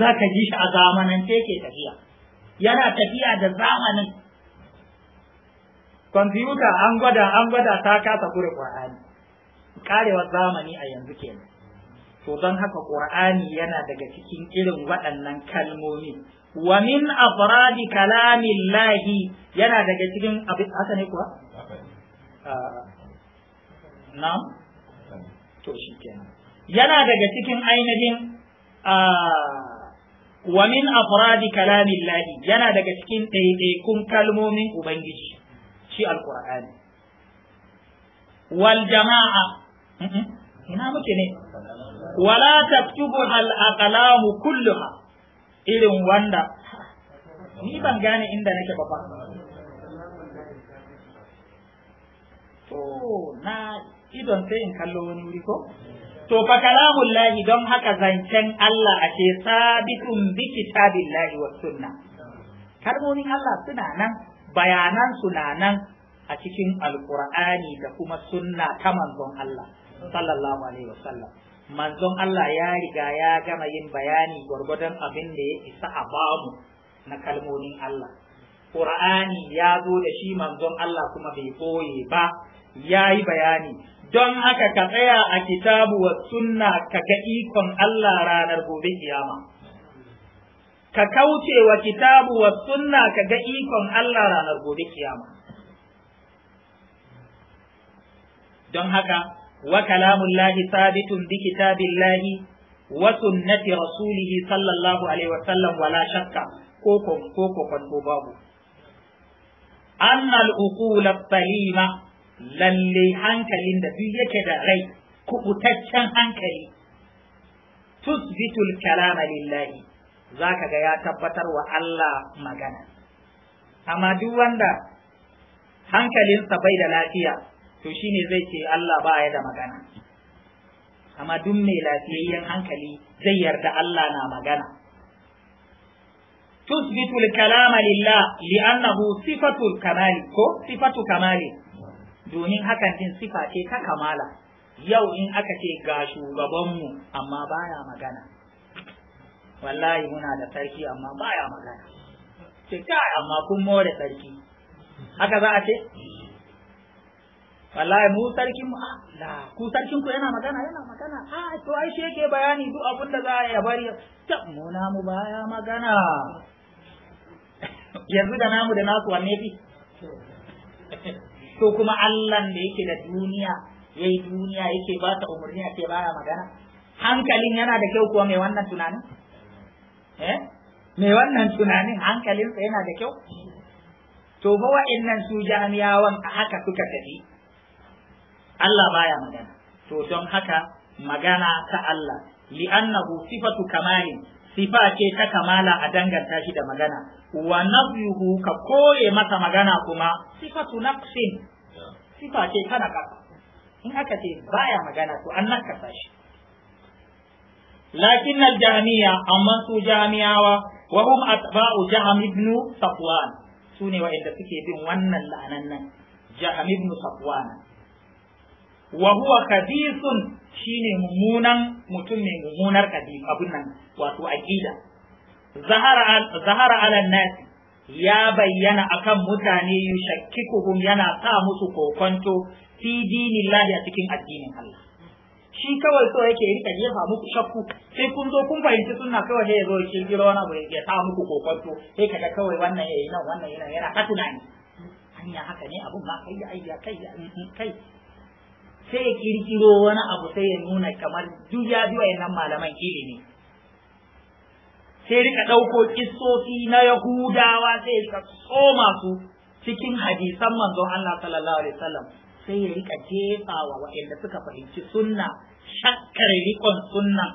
za ka ji shi a zamanin ce ke tafiya yana tafiya da zamanin kwamfuta an gwada an gwada ta kasa kure ƙur'ani karewar zamani a yanzu kenan to don haka qur'ani yana daga cikin irin waɗannan kalmomi wa min afradi kalamillahi yana daga cikin abin haka ne kuwa ah, na to shi kenan yana daga cikin ainihin ah, wa min afradi kalamillahi yana daga cikin ɗaiɗaikun kalmomin ubangiji shi alqur'ani wal jama'a ina muke ne wala taktubu al aqlamu kulluha irin wanda ni ban gane inda nake ba fa to na idon sai in kallo wani wuri ko to fa kalamu llahi don haka zancen Allah ake sabitun bi kitabillahi was sunna kalmomin Allah suna nan bayanan na nan a cikin alqur'ani da kuma sunna ta manzon Allah sallallahu alaihi wasallam manzon Allah ya riga ya gama yin bayani gwargwadon abin da ya isa a babu na kalmomin Allah Qur'ani ya zo da shi manzon Allah kuma bai boye ba ya yi bayani don haka ka tsaya a kitabu wa sunna ka ga ikon Allah ranar gobe kiyama ka kauce wa kitabu wa sunna ka ga ikon Allah ranar gobe kiyama don haka wa sabitun bi kitabillahi wa sunnati rasulihi sallallahu alaihi wa sallam wala shakka ko ko ko ko babu annal uqul salima lalle hankalin da duk yake da rai kubutaccen hankali tusbitul kalama lillahi zaka ga ya tabbatar wa Allah magana amma duk wanda hankalinsa bai da lafiya to shine zai ce Allah ba ya da magana amma duk mai lafiyayyen hankali zai yarda Allah na magana tusbitu kalama lillah li'annahu sifatul kamal ko sifatu kamali domin hakan din sifa ce ta kamala yau in aka ce ga shugabanmu amma baya magana wallahi muna da sarki amma baya magana ce kai amma kun more sarki haka za a ce wallahi mu sarkin mu ah, la ku sarkin ku yana magana yana magana a ah, to ai shi yake bayani duk abin da za a ya bari ta mu na mu baya magana yanzu da namu da nasu wanne fi to kuma Allah da yake da duniya yayi duniya yake ba ta umurni a ce baya magana hankalin yana da kyau kuwa mai wannan tunanin eh mai wannan tunanin hankalinsa yana da kyau to fa wa'annan su jami'awan a haka suka tafi Allah baya magana to don haka magana ta Allah li'annahu sifatu kamalin sifa ce ta kamala a danganta shi da magana wa nafyuhu ka koye masa magana kuma sifatu nafsin sifa ce ta nakasa in aka ce baya magana to an nakasa shi lakin jami'a, amma su jami'awa wa hum atba'u jaham ibn safwan sune wa'anda suke bin wannan la'anan nan jaham ibn safwan wa huwa kadisun shine mummunan mutum ne mummunar kadif abin nan wato aqida zahara zahara ala nas ya bayyana akan mutane yushakkikuhum yana sa musu kokonto fi dinillahi a cikin addinin Allah shi kawai so yake rika jefa muku shakku sai kun zo kun fahimci sunna kawai sai yazo zo shi jira wani abu ya sa muku kokonto sai kaga kawai wannan yayi nan wannan yana yana ta tunani hanya haka ne abun ba kai ya mm, mm, kai kai sai ya kirkiro wani abu sai ya nuna kamar duk ya bi wayannan malaman ilimi sai rika ɗauko kissofi na yahudawa sai ya tsoma su cikin hadisan manzon Allah sallallahu alaihi wasallam sai ya rika jefa wa waɗanda suka fahimci sunna shakkar rikon sunna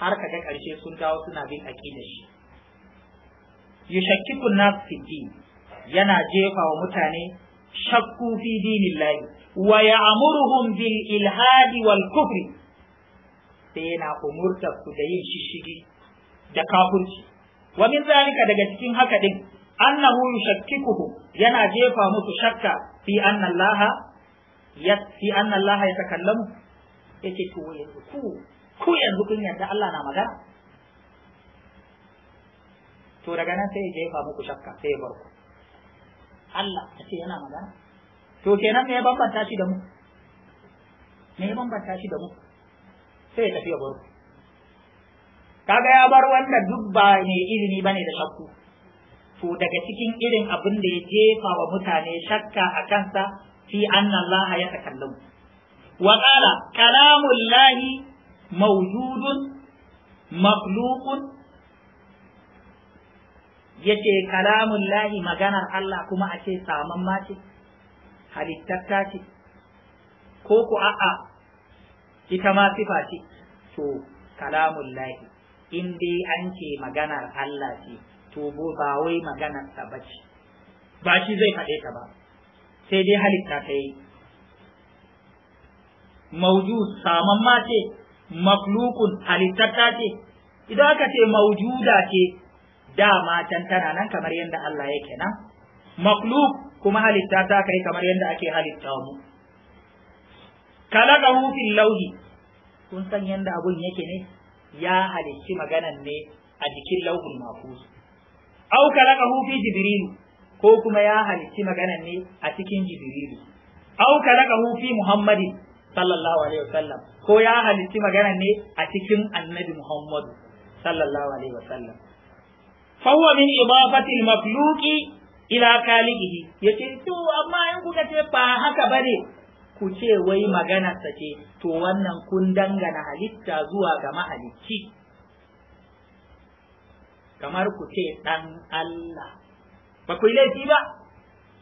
har kaga ƙarshe sun dawo suna bin da shi yushakkiku nas fi yana jefa wa mutane shakku fi dinillahi wa ya'muruhum bil ilhadi wal kufri sai yana umurtar su da yin shishigi da kafirci wa min zalika daga cikin haka din annahu yushakkikuhu yana jefa musu shakka fi anna allaha ya fi to yanzu yanzu magana to daga nan sai ya jefa muku shakka sai ya bar ku Allah yana magana to kenan me ya bambanta shi da mu me ya bambanta shi da mu sai ya tafi ya bar kaga ya bar wanda duk ba ne ilimi bane da shakku to daga cikin irin abin da ya jefa wa mutane shakka a kansa fi anna Allah ya takallamu wa qala kalamul lahi mawjudun maqlubun yace kalamun lahi maganar Allah kuma a ce saman mace halittatta ce ko ku a'a ita ma sifa ce to kalamun lahi in dai an ce maganar Allah ce to ba wai maganar ta bace ba shi zai faɗe ta ba sai dai halitta ta yi saman ma ce maklukun halittatta ce idan aka ce maujuda ce dama can tana nan kamar yadda Allah yake nan makluk kuma halitta ta kai kamar yadda ake halitta mu mu fil lauhi kun san yadda abun yake ne ya halicci maganan ne a jikin lauhul mahfuz aw kalaqahu fi jibril ko kuma ya halicci maganan ne a cikin jibril Au aw kalaqahu fi muhammadi sallallahu alaihi wasallam ko ya halicci maganan ne a cikin annabi muhammad sallallahu alaihi wasallam fa huwa min ibafati al-makhluqi ila kalihi yace to amma in kuka ce ba haka bane ku ce wai magana ce. to wannan kun dangana halitta zuwa ga mahalicci kamar ku ce dan Allah ba ku yi laifi ba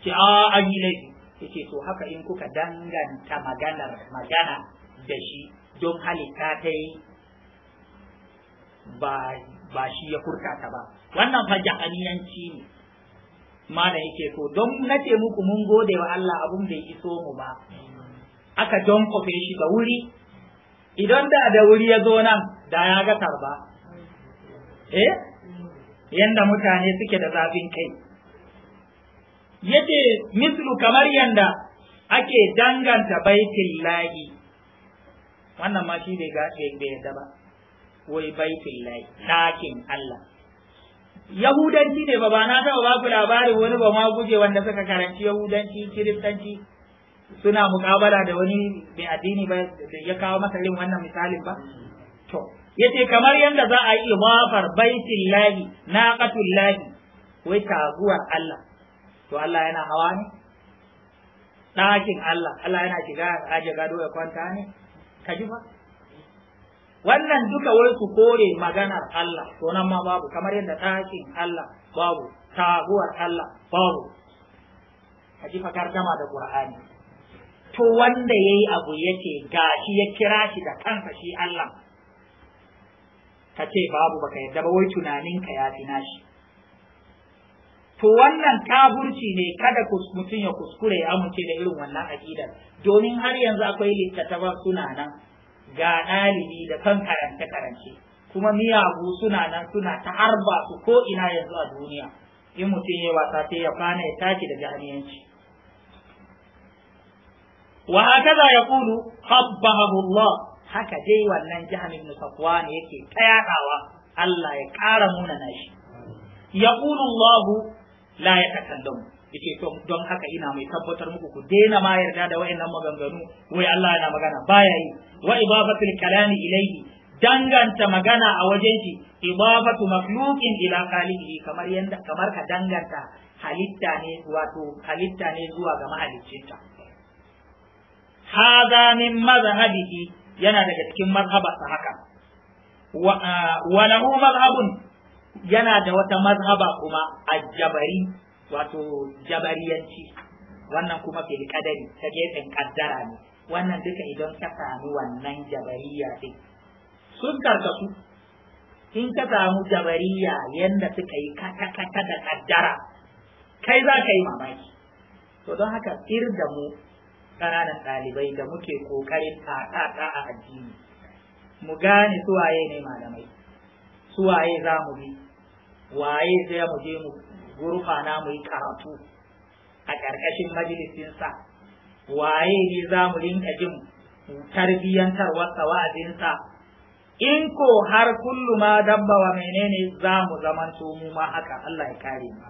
ce a an yi laifi yace to haka in kuka danganta maganar magana da shi don halitta ta yi ba shi ya furta ta ba wannan fa ne malam yake so don nace muku mun gode wa Allah abun bai iso mu ba aka don kofe shi da wuri idan da da wuri ya zo nan da ya ga tarba eh yanda mutane suke da zafin kai yace mislu kamar yanda ake danganta baitin lahi wannan ma shi bai ga bai yadda ba wai baitin lahi ɗakin Allah yahudanci ne ba ba na taɓa ba ku labarin wani ba ma guje wanda suka karanci yahudanci kiristanci suna muƙabala da wani mai addini ba da ya kawo masa irin wannan misalin ba to yace kamar yadda za a yi imafar baitin lahi naqatul lahi wai taguwar Allah to Allah yana hawa ne ɗakin Allah Allah yana shiga aje gado ya kwanta ne ka ji wannan duka wai su kore maganar Allah to nan ma babu kamar yadda tashin Allah babu taguwar Allah babu a ji gama da Qur'ani to wanda yayi abu yake gashi ya kira shi da kansa shi Allah ka ce babu baka yadda ba wai tunaninka ya fi nashi to wannan kaburci ne kada mutum ya kuskure ya amince da irin wannan aƙidar domin har yanzu akwai littattafan suna nan ga ɗalibi da kan karance karance kuma miyagu suna nan suna ta harba su ko ina yanzu a duniya in mutum ya wasa sai ya kwana ya tashi da jahiliyanci wa hakaza kulu qabbahu Allah haka dai wannan jahannin ibn ne yake tayatawa Allah ya ƙara munana shi kulu Allah la yatakallamu yake to don haka ina mai tabbatar muku ku daina ma yarda da wayannan maganganu wai Allah yana magana baya yi wa ibafatul kalami ilayhi danganta magana a wajen shi ibafatu makhluqin ila khaliqihi kamar yanda kamar ka danganta halitta ne wato halitta ne zuwa ga mahaliccinta hadha min madhhabihi yana daga cikin mazhabarsa haka ah, wa lahu mazhabun yana da wata mazhaba kuma ajabari wato jabariyanci wannan kuma fil kadari ta gefen kaddara ne wannan duka idan ka samu wannan jabariya din sun karkasu in ka samu jabariya yanda suka yi kata kata da kaddara kai za ka yi mamaki to don haka tsir da mu ƙananan ɗalibai da muke ƙoƙarin taɗaɗa a addini mu gane suwaye ne malamai suwaye za mu bi waye sai mu je mu Gurfana mu yi karatu a ƙarƙashin majalisinsa waye ne za mu rinka jin tarbiyyantarwarsa wa'azinsa in ko har kullu ma dabba wa menene za mu zamanto mu ma haka Allah ya kare mu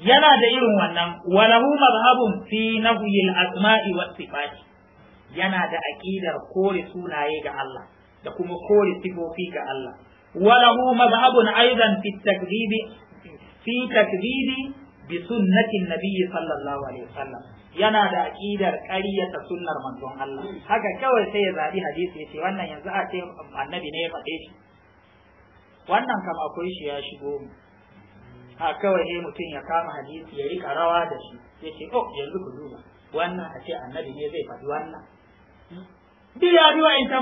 yana da irin wannan walahu mazhabun fi nafyi al-asma'i was sifat yana da aqidar kore sunaye ga Allah da kuma kore sifofi ga Allah وله مذهب أيضا في التكذيب في تكذيب بسنة النبي صلى الله عليه وسلم yana da aƙidar karyata sunnar manzon Allah haka kawai sai ya zaɓi hadisi ya ce wannan yanzu a ce annabi ne ya faɗe shi wannan kam akwai shi ya shigo mu a kawai ne mutum ya kama hadisi ya rika rawa da shi ya ce oh yanzu ku duba wannan a ce annabi ne zai faɗi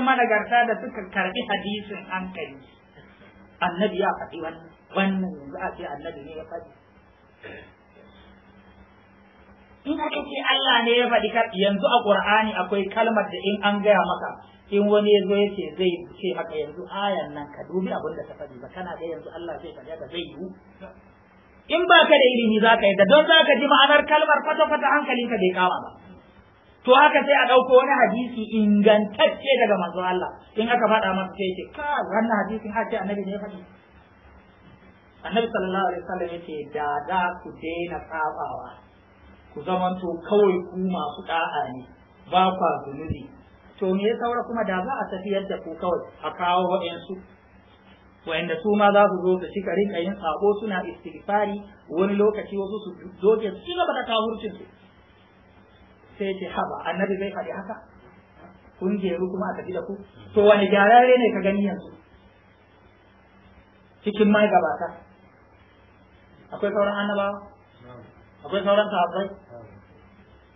managarta da suka karɓi hadisin hankali annabi ya faɗi wannan wannan yanzu a ce annabi ne ya faɗi in aka ce Allah ne ya faɗi yanzu a Qur'ani akwai kalmar da in an gaya maka in wani ya zo ya ce zai ce maka yanzu ayan nan ka dubi abin da ta faɗi ba kana ga yanzu Allah zai faɗi ka zai yiwu in ba ka da ilimi za ka yi da don za ka ji ma'anar kalmar kwata-kwata hankalinka bai kama ba to haka sai a ɗauko wani hadisi ingantacce daga manzo Allah in aka faɗa masa sai ce ka wannan hadisin har sai annabi ne ya faɗi annabi sallallahu alaihi wasallam ce, da za ku daina tsabawa ku zamanto kawai ku masu da'a ne ba kwa zunubi to me ya saura kuma da za a tafiyar da ku kawai a kawo wa'ansu wa'anda su ma za su zo su cika rinka yin sabo suna istighfari wani lokaci wasu su ke su ci gaba da kafurcin su sai ce haba annabi zai faɗi haka kun geru kuma a tafi da ku to wani gyararre ne ka gani yanzu cikin mai gabata akwai sauran annabawa akwai sauran sahabbai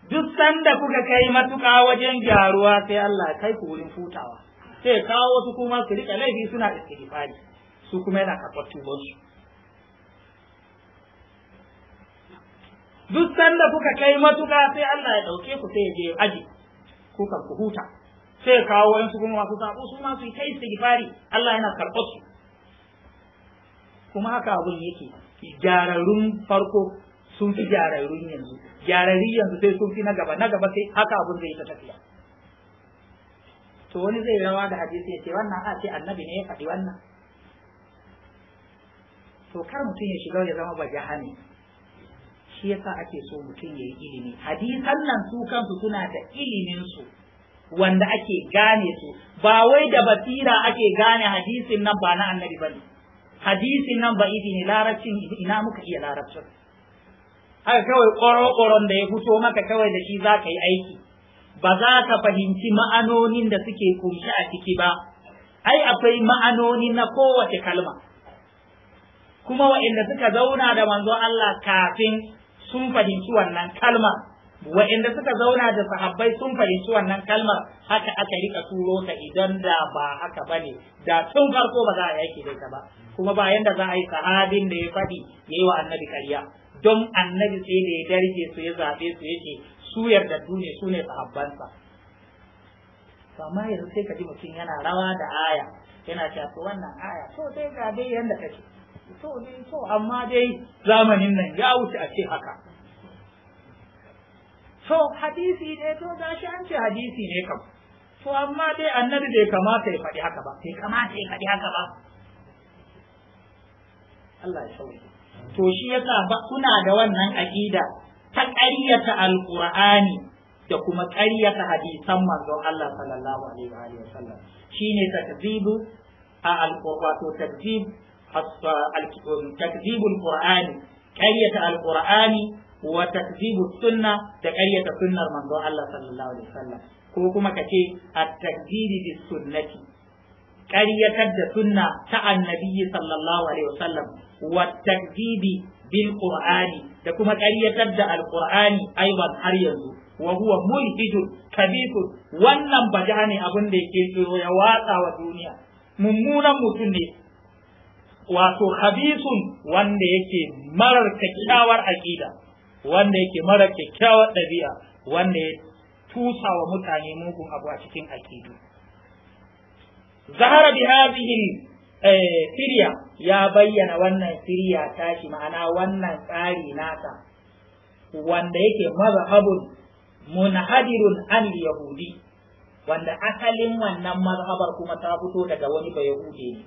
duk sanda kuka kai matuƙa wajen gyaruwa sai Allah kai ku wurin futawa sai kawo su kuma su rika laifi suna istighfari su kuma yana karɓar tubansu duk sanda kuka kai matuka sai Allah ya dauke ku sai ya je aji ku kan ku huta sai ya kawo wayansu kuma masu sabo su ma su yi ta istighfari Allah yana karɓar su kuma haka abun yake gyararrun farko sun fi gyararrun yanzu gyararri yanzu sai sun fi na gaba na gaba sai haka abun zai ta tafiya to wani zai rawa da hadisi ya ce wannan a ce annabi ne ya faɗi wannan to kar mutum ya shiga ya zama ba jahani shi yasa ake so mutum ya yi ilimi hadisan nan su kansu suna da ilimin su wanda ake gane su ba wai da basira ake gane hadisin nan ba na annabi bane hadisin nan ba ne larabcin ina muka iya larabcin haka kawai ƙoro-ƙoron da ya fito maka kawai da shi za ka yi aiki ba za ka fahimci ma'anonin da suke kunshi a ciki ba ai akwai ma'anoni na kowace kalma kuma wa'inda suka zauna da manzon Allah kafin sun fahimci wannan kalmar wa'inda suka zauna da sahabbai sun fahimci wannan kalmar haka aka rika turo ta idan da ba haka bane da tun farko ba za a yake da ita ba kuma ba yanda za a yi sahabin da ya faɗi ya yi wa annabi karya, don annabi sai da ya darje su ya zaɓe su ya ce su yarda ne su ne sahabbansa amma yanzu sai ka ji mutum yana rawa da aya yana cewa wannan aya to sai ga dai yanda kake so ne so amma dai zamanin nan ya wuce a ce haka so hadisi ne to shi an ce hadisi ne kam to amma dai annabi bai kamata ya faɗi haka ba bai kamata ya faɗi haka ba Allah ya sauke to shi yasa ba kuna da wannan aqida ta ƙaryata alqur'ani da kuma ƙaryata hadisan manzon Allah sallallahu alaihi wa sallam shine takzibu a alqur'ani to takzib takzibul qur'ani ƙaryata alqur'ani wa takzibus sunna da ƙaryata sunar manzo Allah sallallahu ko kuma kace at-takzibi bis ƙaryatar da sunna ta annabi sallallahu alaihi wasallam wa takzibi bil qur'ani da kuma ƙaryatar da alqur'ani aiban har yanzu wa huwa mulhidun kabirun wannan bada ne abin da yake tsoro ya watsa wa duniya mummunan mutum ne wato khabisun wanda yake marar kyakkyawar aƙida wanda yake marar kyakkyawar ɗabi'a wanda ya tusa wa mutane mugun abu a cikin aƙidu zahara bi hadhihi firya eh, ya bayyana wannan firya tashi ma'ana wannan tsari nasa wanda yake mazhabun munahadirun an yahudi wanda asalin wannan mazhabar kuma ta fito daga wani bayahudi ne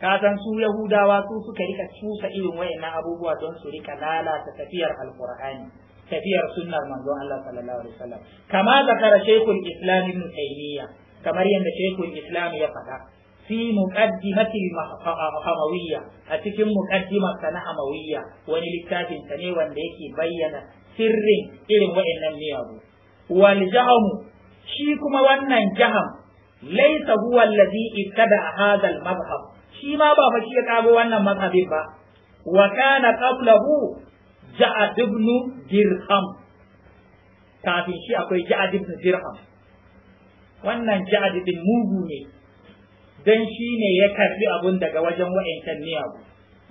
ka san su yahudawa su suka rika cusa irin wayannan abubuwa don su rika lalata tafiyar alqur'ani tafiyar sunnar manzon Allah sallallahu alaihi wasallam kama zakara shaykhul islam ibn taymiya kamar yadda shaykhul islam ya faɗa fi muqaddimati ah, hamawiyya a cikin muqaddimar na hamawiyya wani littafin ne wanda yake bayyana sirrin irin wayannan miyagu wal jahamu shi kuma wannan jaham laisa huwa allazi ibtada hadha al-madhhab shi ma ba fa shi ya kago wannan mazhabin ba wa kana qablahu ja'ad ibn dirham kafin shi akwai ja'ad ibn dirham wannan ja'ad ibn mugu ne dan shi ne ya karbi abun daga wajen wa'ancan miyagu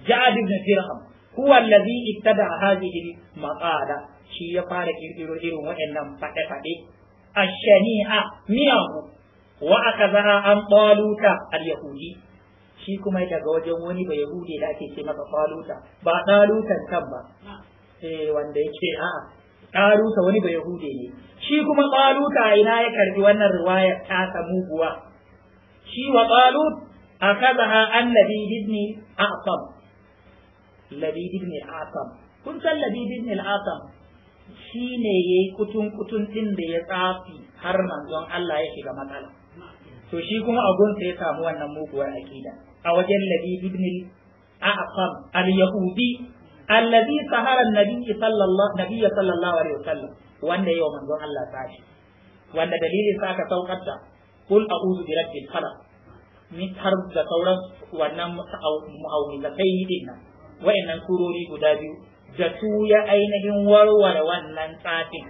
ja'ad ibn dirham huwa allazi ibtada hadhihi maqala shi ya fara kirkiro irin wa'annan fade-fade ashani'a miyagu wa aka an ɓaluta al-yahudi shi kuma daga wajen wani ba yahudi da ake ce masa ɓaluta. ba ɗalutan kan ba eh wanda yake a'a ƙaluta wani ba yahudi ne shi kuma ƙwaluta ina ya karbi wannan riwayar ta muguwa shi wa ɓalut a ƙwalut أخذها عن لبيد بن أعصم لبيد بن أعصم كنت لبيد بن الأعصم shi ne ya yi kutun kutun ɗin da ya tsafi har manzon Allah ya shiga matsala to shi kuma abun sai ya samu wannan muguwar aqida a wajen Nabi ibn al-aqam al-yahudi allazi sahara an-nabiy sallallahu nabiy sallallahu alaihi wasallam wanda yau manzo Allah ta ce. wanda dalilin sa ka saukar da kul a'udhu bi rabbil falaq ni har da sauran wannan mu'awizatai din nan wa'annan surori guda biyu da su ya ainihin warware wannan tsafin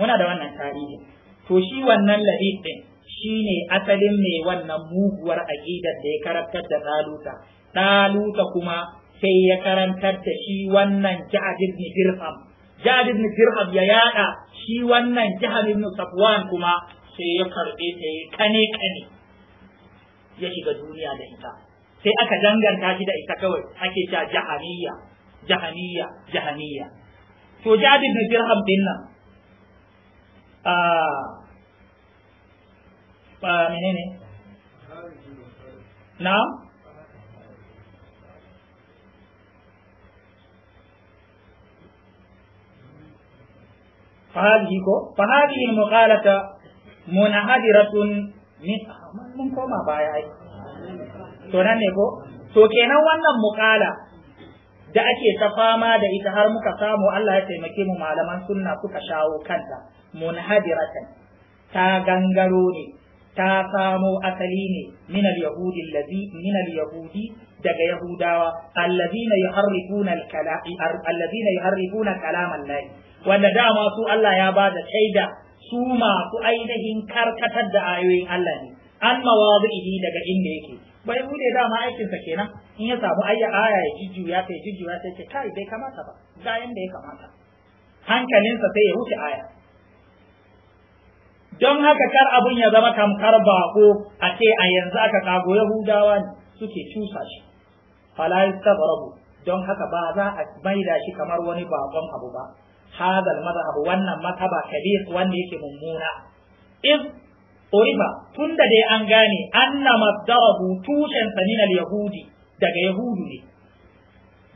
muna da wannan tarihi to shi wannan labib din ne asalin mai wannan muguwar aƙidar da ya karantar da ɗaluta ɗaluta kuma sai ya karantar da shi wannan ja'ad ibn dirham ja'ad ibn dirham ya yada shi wannan jihar ibn safwan kuma sai ya karbe ta yi kane kane ya shiga duniya da ita sai aka danganta shi da ita kawai ake cewa jahamiyya jahamiyya jahamiyya to ja'ad ibn dirham dinnan. Ah, ba menene na fahadihi ko fahadihi muqalata munahadiratun min ah, mun koma baya ai to nan ne ko to kenan wannan mukala da ake ta fama da ita har muka samu Allah ya taimake mu malaman sunna suka shawo kanta munahadiratan ta gangaro ne ta samo asali ne minal yahudi allazi yahudi daga yahudawa allazina yuharrifuna allazina yuharrifuna kalam Allah wanda dama su Allah ya ba da shaida su masu ainihin karkatar da ayoyin Allah ne an mawadihi daga inda yake ba yahude dama aikinsa kenan in ya samu ayya aya ya ya sai ya sai ce kai bai kamata ba ga yanda ya kamata hankalinsa sai ya wuce aya don haka kar abun ya zama kamkar bako a ce a yanzu aka kago yahudawa ne suke cusa shi fala tabarabu don haka ba za a maida shi kamar wani bakon abu ba hadal madhhab wannan mazhaba kabir wanda yake mummuna iz urifa tunda dai an gane anna masdarahu tushen sanin al yahudi daga yahudu ne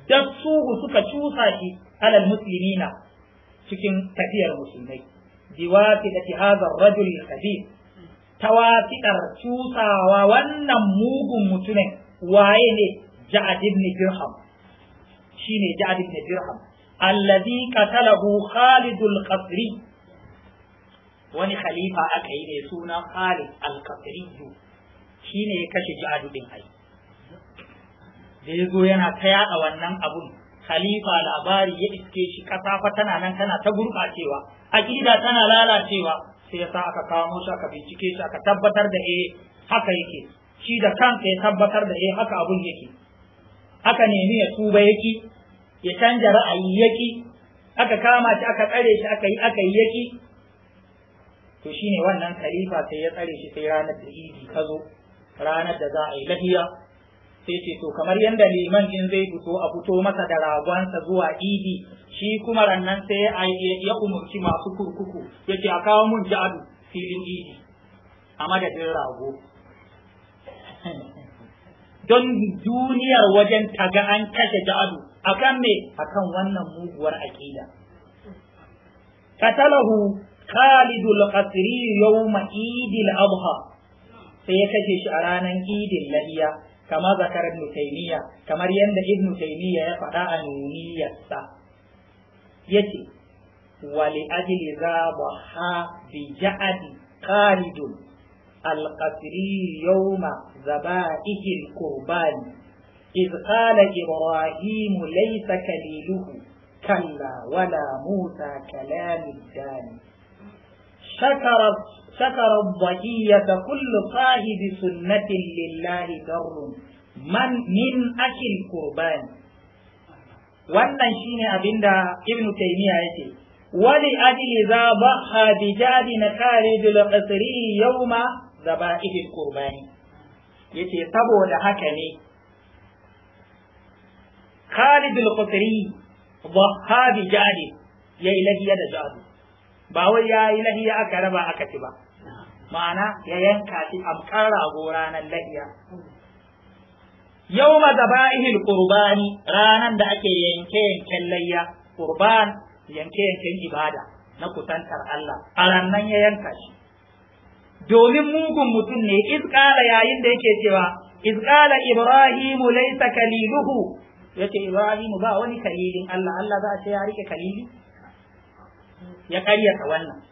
dasuhu suka cusa shi alal muslimina cikin tafiyar musulmai biwasitati hadha ar-rajul al-khabith tawasidar tusawa wannan mugun mutumin waye ne ja'ad ibn dirham shine ja'ad ibn dirham alladhi qatalahu khalid al-qasri wani khalifa aka yi ne suna khalid al-qasri shine ya kashe ja'ad din ai da yazo yana ta yada wannan abun khalifa labari ya iske shi ƙasa fa tana nan tana ta gurɓacewa aƙida tana lalacewa sai yasa sa aka kawo shi aka bincike shi aka tabbatar da eh haka yake shi da kanka ya tabbatar da eh haka abun yake aka nemi ya tuba yaki ya canja ra'ayi yaki aka kama shi aka tsare shi aka yi aka yi yaki to shine wannan khalifa sai ya tsare shi sai ranar da idi ta zo ranar da za a yi lahiya sai ce to kamar yadda liman in zai fito a fito masa da ragonsa zuwa idi shi kuma rannan sai ya umarci masu kurkuku ya ce a kawo mun ja'adu filin idi a madadin rago don duniyar wajen taga an kashe ja'adu akan me akan wannan muguwar aƙida katalahu khalidul qasri yawma idil adha sai ya kashe shi a ranar idil lahiya kama zakar ibn taymiya kamar yadda ibn taymiya ya faɗa a nuniyarsa yace wali ajli zabaha bi ja'adi qalidun al-qasri yawma zaba'ihil qurbani إذ قال إبراهيم ليس كليله كلا ولا موسى كلام الداني شكر افتكر الضحية كل صاحب سنة لله در من من أكل القربان wannan shine abinda ibn taymiya yake wali ajli za baha bi jadi na karidul qasri yawma zaba'ihil qurbani yace saboda haka ne khalidul qasri baha bi jadi yayi lahiya da jadi ba wai yayi lahiya aka raba aka ci ba ma'ana ya yanka shi amkar rago ranar lahiya yau mazaba'ihil qurbani ranan da ake yanke-yanken layya qurban yanke-yanken ibada na kusantar Allah a ya yanka shi domin mugun mutum ne izkala yayin da yake cewa izkala ibrahimu laisa kaliluhu yace ibrahimu ba wani kalilin Allah Allah za a ce ya rike kalili ya ka wannan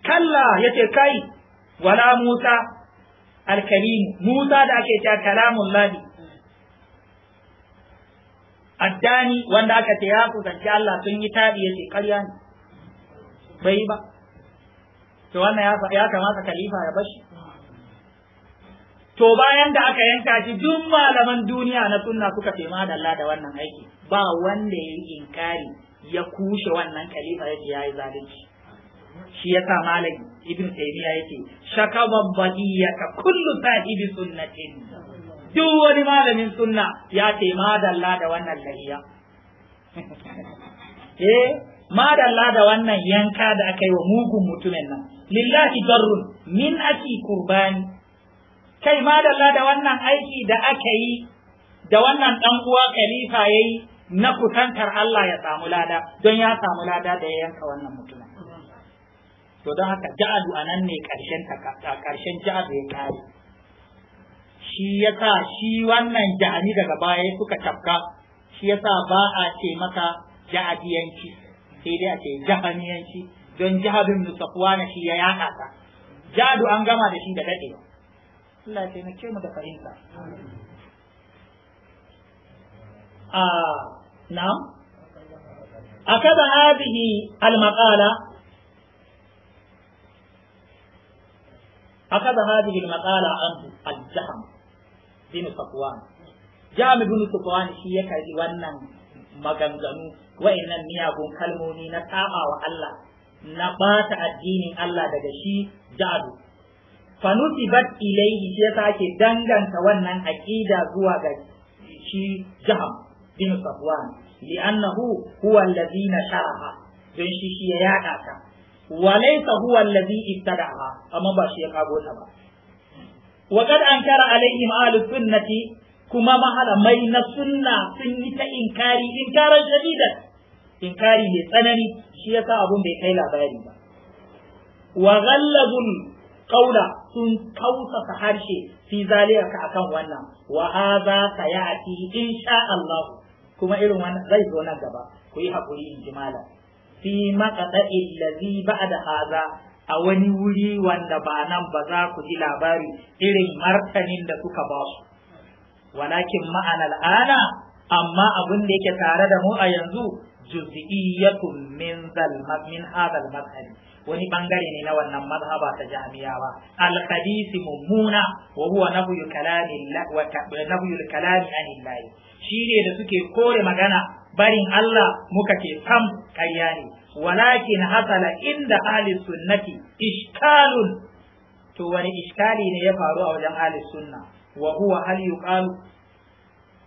kalla yace kai wala Musa alkalimu Musa da ake cewa kalamun lahi addani wanda aka ce ya kusanci Allah sun yi taɗi yace ƙarya ne bai ba to wannan ya kamata khalifa ya bashi to bayan da aka yanka shi duk malaman duniya na sunna suka ce Allah da wannan aiki ba wanda ya yi inkari ya kushe wannan khalifa yace ya yi zalunci shi sa malam ibn taymiya yake shakaban badiyaka kullu sahibi sunnatin duk wani malamin sunna ya ce madalla da wannan lahiya eh madalla da wannan yanka da aka yi wa mugun mutumin nan lillahi darrun min aki kurbani kai madalla da wannan aiki da aka yi da wannan dan uwa khalifa yayi na kusantar Allah ya samu lada don ya samu lada da ya yanka wannan mutum to don haka ja'adu a nan ne karshen ja'adu ya kare shi ya sa shi wannan ja'ani daga baya suka tafka shi ya sa ba a ce maka ja'adiyanci sai dai a ce jahaniyanci don jihadun nusafuwa na shi ya yaƙa ta ja'adu an gama da shi da daɗewa Allah ya ce mu da fahimta a na أكد al-maqala أخذ هذه المقالة عنه الجهم بن صفوان جام بن صفوان شيء كذي وانا maganganu wa'annan miyagun kalmomi na saba Allah na ɓata addinin Allah daga shi jadu Fanusi ilayhi shi ya sake danganta wannan aqida zuwa ga shi jaham bin safwan li'annahu huwa na nasharaha don shi shi ya yada walaysa huwa allazi ibtada'a amma ba shi ya kago ta ba wa qad ankara alaihim ahlus sunnati kuma mahalamai na sunna sun yi ta inkari inkaran shadidan inkari mai tsanani shi yasa abun bai kai labari ba wa ghallazul qawla sun kausasa harshe fi zalika akan wannan wa hadha sayati insha Allah kuma irin wannan zai zo nan gaba ku yi hakuri in ji malam fi maqada'i allazi da haza a wani wuri wanda ba nan ba za ku ji labari irin martanin da suka ba su walakin ma'ana al'ana amma abin da yake tare da mu a yanzu juz'iyyatun min zalmat min hadal madhhabi wani bangare ne na wannan mazhaba ta jami'awa al-hadisi mummuna wa huwa nabyu kalami wa nabyu kalami anillahi shi ne da suke kore magana barin Allah muka ke sam ƙarya ne walakin hasala inda ahli sunnati ishkalun to wani iskali ne ya faru a wajen ahli sunna wa huwa hal yuqalu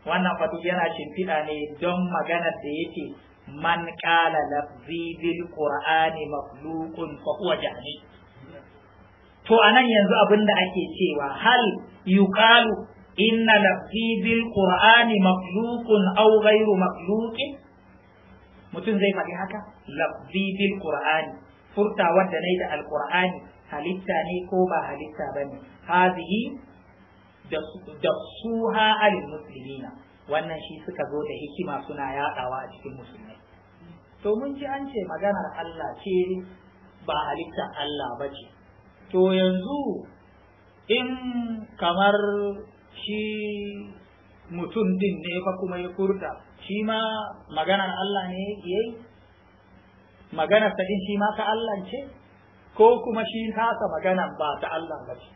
wannan fatu yana shimfiɗa ne don maganar da yake man qala lafzi bil qur'ani makhluqun fa huwa to anan yanzu abinda ake cewa hal yuqalu inna lafzi bil qur'ani makhluqun aw ghayru mutum zai faɗi haka lafzi bil qur'ani furta wanda nayi da alqur'ani halitta ne ko ba halitta bane hazihi da suha alil muslimina wannan shi suka zo da hikima suna yadawa a cikin musulmai to mun ji an ce maganar Allah ce ba halitta Allah bace to yanzu in kamar shi mutum din ne fa kuma ya furta shi ma maganar Allah ne yi maganar ta din shi ma ta Allah ce ko kuma shi tasa maganar ba ta Allah ba ce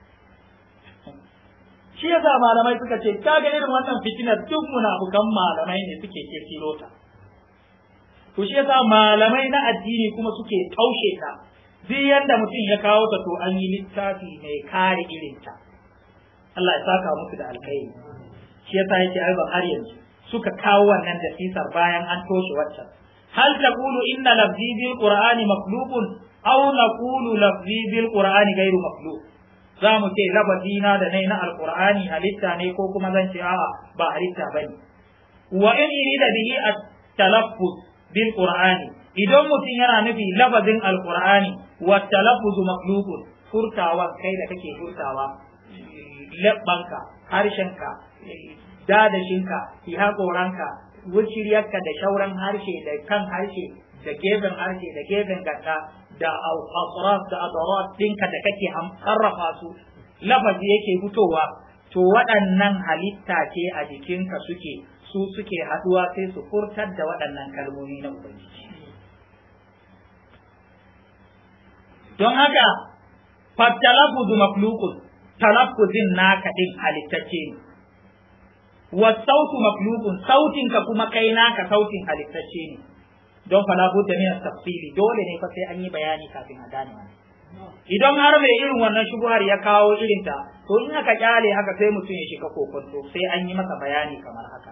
shi yasa malamai suka ce ka ga irin wannan fitinar duk munafukan malamai ne suke kirkiro ta Ku shi yasa malamai na addini kuma suke taushe ta duk yanda mutum ya kawo ta to an yi littafi mai kare irin ta Allah ya saka musu da alkhairi shi yasa yake ai har yanzu suka kawo wannan da bayan an toshe waccan hal taqulu inna lafzi bil qur'ani makhluqun aw naqulu lafzi bil qur'ani ghairu za mu ce labazina da nai na alqur'ani halitta ne ko kuma zan ce a'a ba halitta bane wa in irida bihi at-talaffuz bil qur'ani idan mutum yana nufi lafazin alqur'ani wa talaffuzu makhluqun furtawa kai da kake furtawa eh, labbanka harshenka Da dadashinka iya tsoronka wuciyarka da shauran harshe da kan harshe da gefen harshe da gefen gata da al'asraf da adarat ɗinka da kake harrafa su lafazi yake fitowa to waɗannan halitta ce a jikinka suke su suke haduwa sai su furtar da waɗannan kalmomi na ubangiji don haka fattalafuzu maklukun talafuzin naka ɗin halittacce ne wa sautu makhluqun sautin ka kuma kai naka sautin halittacce ne don fala budda min dole ne fa sai an yi bayani kafin a gane wani idan har mai irin wannan shubuhar ya kawo irin ta to in aka kyale haka sai mutum ya shiga kokonto sai an yi masa bayani kamar haka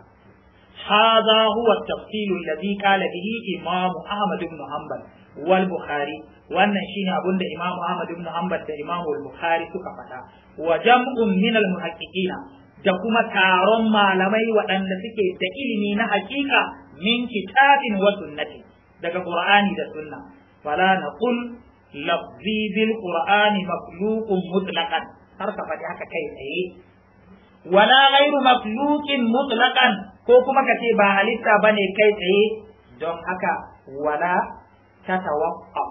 hadha huwa at-tafsil alladhi qala bihi imam ahmad ibn hanbal wal bukhari wannan shine abin da imam ahmad ibn hanbal da imam al bukhari suka fata, wa jam'un min al muhaqqiqina da kuma taron malamai waɗanda suke da ilimi na hakika min kitabin wa sunnati daga qur'ani da sunna fala naqul lafzi bil qur'ani makhluqun mutlaqan har ka faɗi haka kai tsaye wala ghairu makhluqin mutlaqan ko kuma ka ce ba halitta bane kai tsaye don haka wala tatawaqqa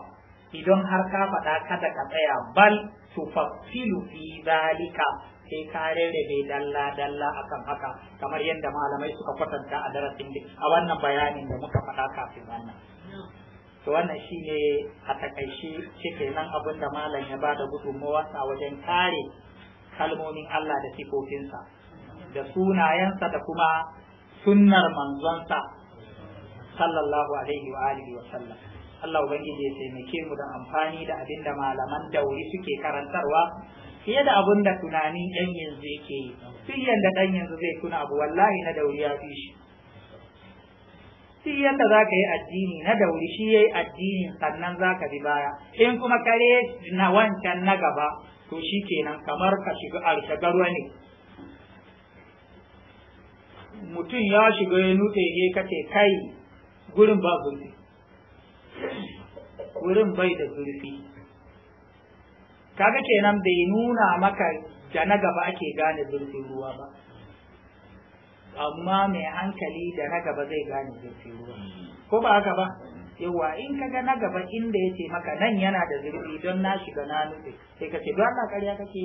idan har ka faɗa kada ka tsaya bal tufassilu fi zalika sai ka bai dalla dalla akan haka kamar yadda malamai suka kwatanta a darasin a wannan bayanin da muka faɗa kafin wannan to wannan shine a takaice cike nan abin da malam ya bada gudunmawarsa wajen kare kalmomin Allah da sifofinsa da sunayensa da kuma sunnar manzonsa sallallahu alaihi wa alihi wa sallam Allah ubangiji ya taimake mu da amfani da abinda malaman dauri suke karantarwa fiye da abin da tunani ɗan yanzu yake yi duk yanda ɗan yanzu zai tuna abu wallahi na dauri ya fi shi duk yanda za ka yi addini na dauri shi ya yi addinin sannan za ka bi baya in kuma kare na wancan na gaba to shi kenan kamar ka shiga alshagarwa ne mutum ya shiga ya nutse ya kace kai gurin ba gurbi gurin bai da zurfi kaga kenan bai nuna maka da na gaba ake gane zurfin ruwa ba amma mai hankali da na gaba zai gane zurfin ruwa ko ba haka ba yawa in kaga na gaba inda ya ce maka nan yana da zurfi don na shiga na nufi sai ka ce don na ƙarya kake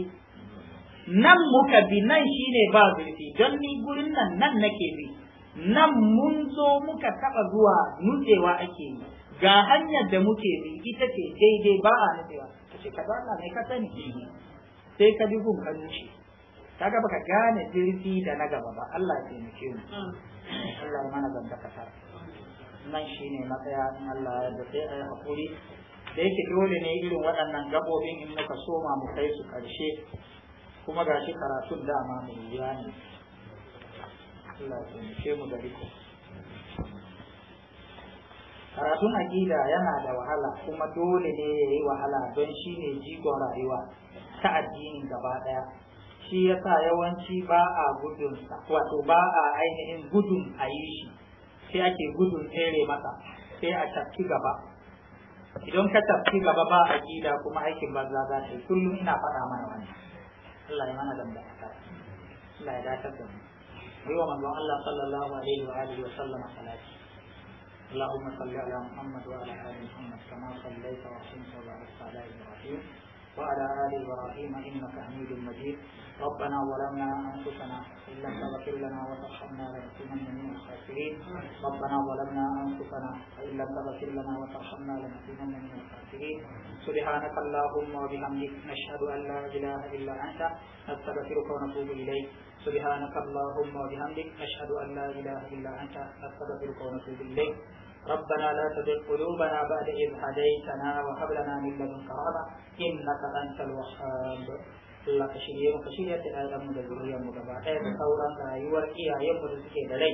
nan muka bi nan shine ba zurfi don ni gurin nan nan nake bi nan mun zo muka taba zuwa nutsewa ake yi ga hanyar da muke bi ita ce daidai ba a nutsewa ka ce ka zana mai ka sani sai ka dubu gun ka rushe kaga baka gane jirgi da na gaba ba Allah ya taimake mu Allah ya mana banda kasar nan shine matsaya in Allah ya da sai yi hakuri da yake dole ne irin waɗannan gabobin in muka soma mu kai su karshe kuma gashi karatun dama mai yiwa ne Allah ya taimake mu da riko karatun aƙida yana da wahala kuma dole ne ya yi wahala don shi ne jigon rayuwa ta addinin gaba ɗaya shi sa yawanci ba a gudun wato ba a ainihin gudun a yi shi sai ake gudun tsere masa sai a tafki gaba idan ka tafki gaba ba aƙida kuma aikin ba za ta yi kullum ina faɗa mana wani Allah ya mana damba Allah ya dakatar da mu yi wa manzon Allah sallallahu alaihi wa alihi wa sallama salati اللهم صل على محمد وعلى ال محمد كما صليت وسلمت وبارك على ابراهيم وعلى ال ابراهيم انك حميد مجيد ربنا ظلمنا انفسنا ان لم تغفر لنا وترحمنا لنكونن من الخاسرين ربنا ظلمنا انفسنا ان لم تغفر لنا وترحمنا لنكونن من الخاسرين سبحانك اللهم وبحمدك نشهد ان لا اله الا انت نستغفرك ونتوب اليك سبحانك اللهم وبحمدك أشهد أن لا إله إلا أنت أستغفرك ونتوب إليك ربنا لا تزغ قلوبنا بعد إذ هديتنا وهب لنا من لدنك رحمة إنك أنت الوهاب Allah ka shirye mu ka shirya ta ƴaƴanmu da zuriyarmu gaba ɗaya da sauran rayuwar iyayenmu da suke da rai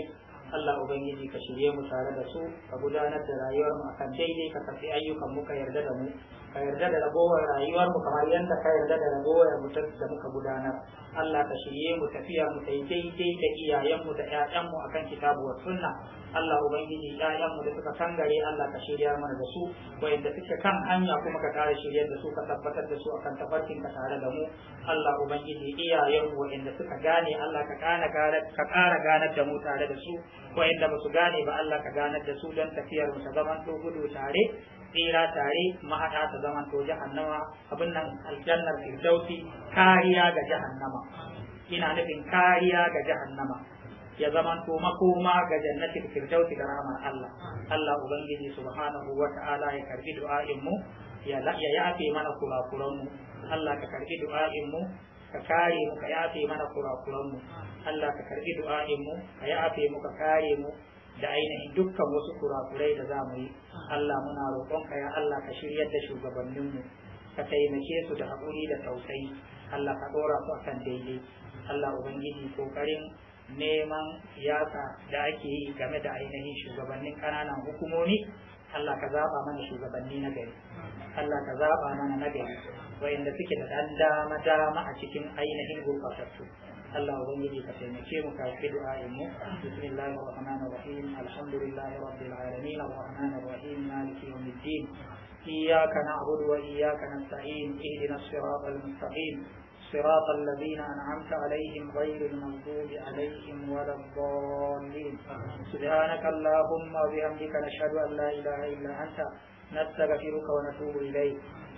Allah Ubangiji ka shirye mu tare da su ka gudanar da rayuwarmu akan daidai ka tafi ayyukan mu ka yarda da mu ka yarda da ragowar rayuwar mu kamar yadda ka yarda da ragowar mutum da muka gudanar Allah ka shirye mu tafiya mu sai daidai da iyayen mu da ƴaƴan mu akan kitabu wa sunna Allah ubangiji ƴaƴan mu da suka kangare Allah ka shirya mana da su wayanda suke kan hanya kuma ka kare shiryar da su ka tabbatar da su akan tafarkin ka tare da mu Allah ubangiji iyayen mu wayanda suka gane Allah ka kana ka kara ganar da mu tare da su wayanda ba su gane ba Allah ka ganar da su don tafiyar mu ta zaman gudu tare tsira tare mahaɗa ta zama to jahannama abin nan aljannar firdausi kariya ga jahannama ina nufin kariya ga jahannama ya zama to makoma ga jannatin firdausi da rahmar Allah Allah ubangiji subhanahu wa ta'ala ya karbi du'a'in mu ya yafe mana kurakuran mu Allah ka karbi du'a'in mu ka kare mu ka yafe mana kurakuran mu Allah ka karbi du'a'in mu ka yafe mu ka kare mu da ainihin dukkan wasu kurakurai da za mu yi Allah muna roƙonka ya Allah ka shiryar da shugabanninmu ka taimake su da haƙuri da tausayi Allah ka ɗora su akan daidai Allah ubangiji ƙoƙarin neman siyasa da ake yi game da ainihin shugabannin ƙananan hukumomi Allah ka zaɓa mana shugabanni na gari Allah ka zaɓa mana na gari wa'inda suke da dama dama a cikin ainihin gurɓatattu Allah ubangiji ka taimake mu ka fi du'a'in mu bismillahir rahmanir rahim alhamdulillahi rabbil alamin arrahmanir rahim maliki yawmiddin iyyaka na'budu wa iyyaka nasta'in ihdinas siratal mustaqim صراط الذين أنعمت عليهم غير المغضوب عليهم ولا الضالين سبحانك اللهم وبحمدك نشهد أن لا إله إلا أنت نستغفرك ونتوب إليك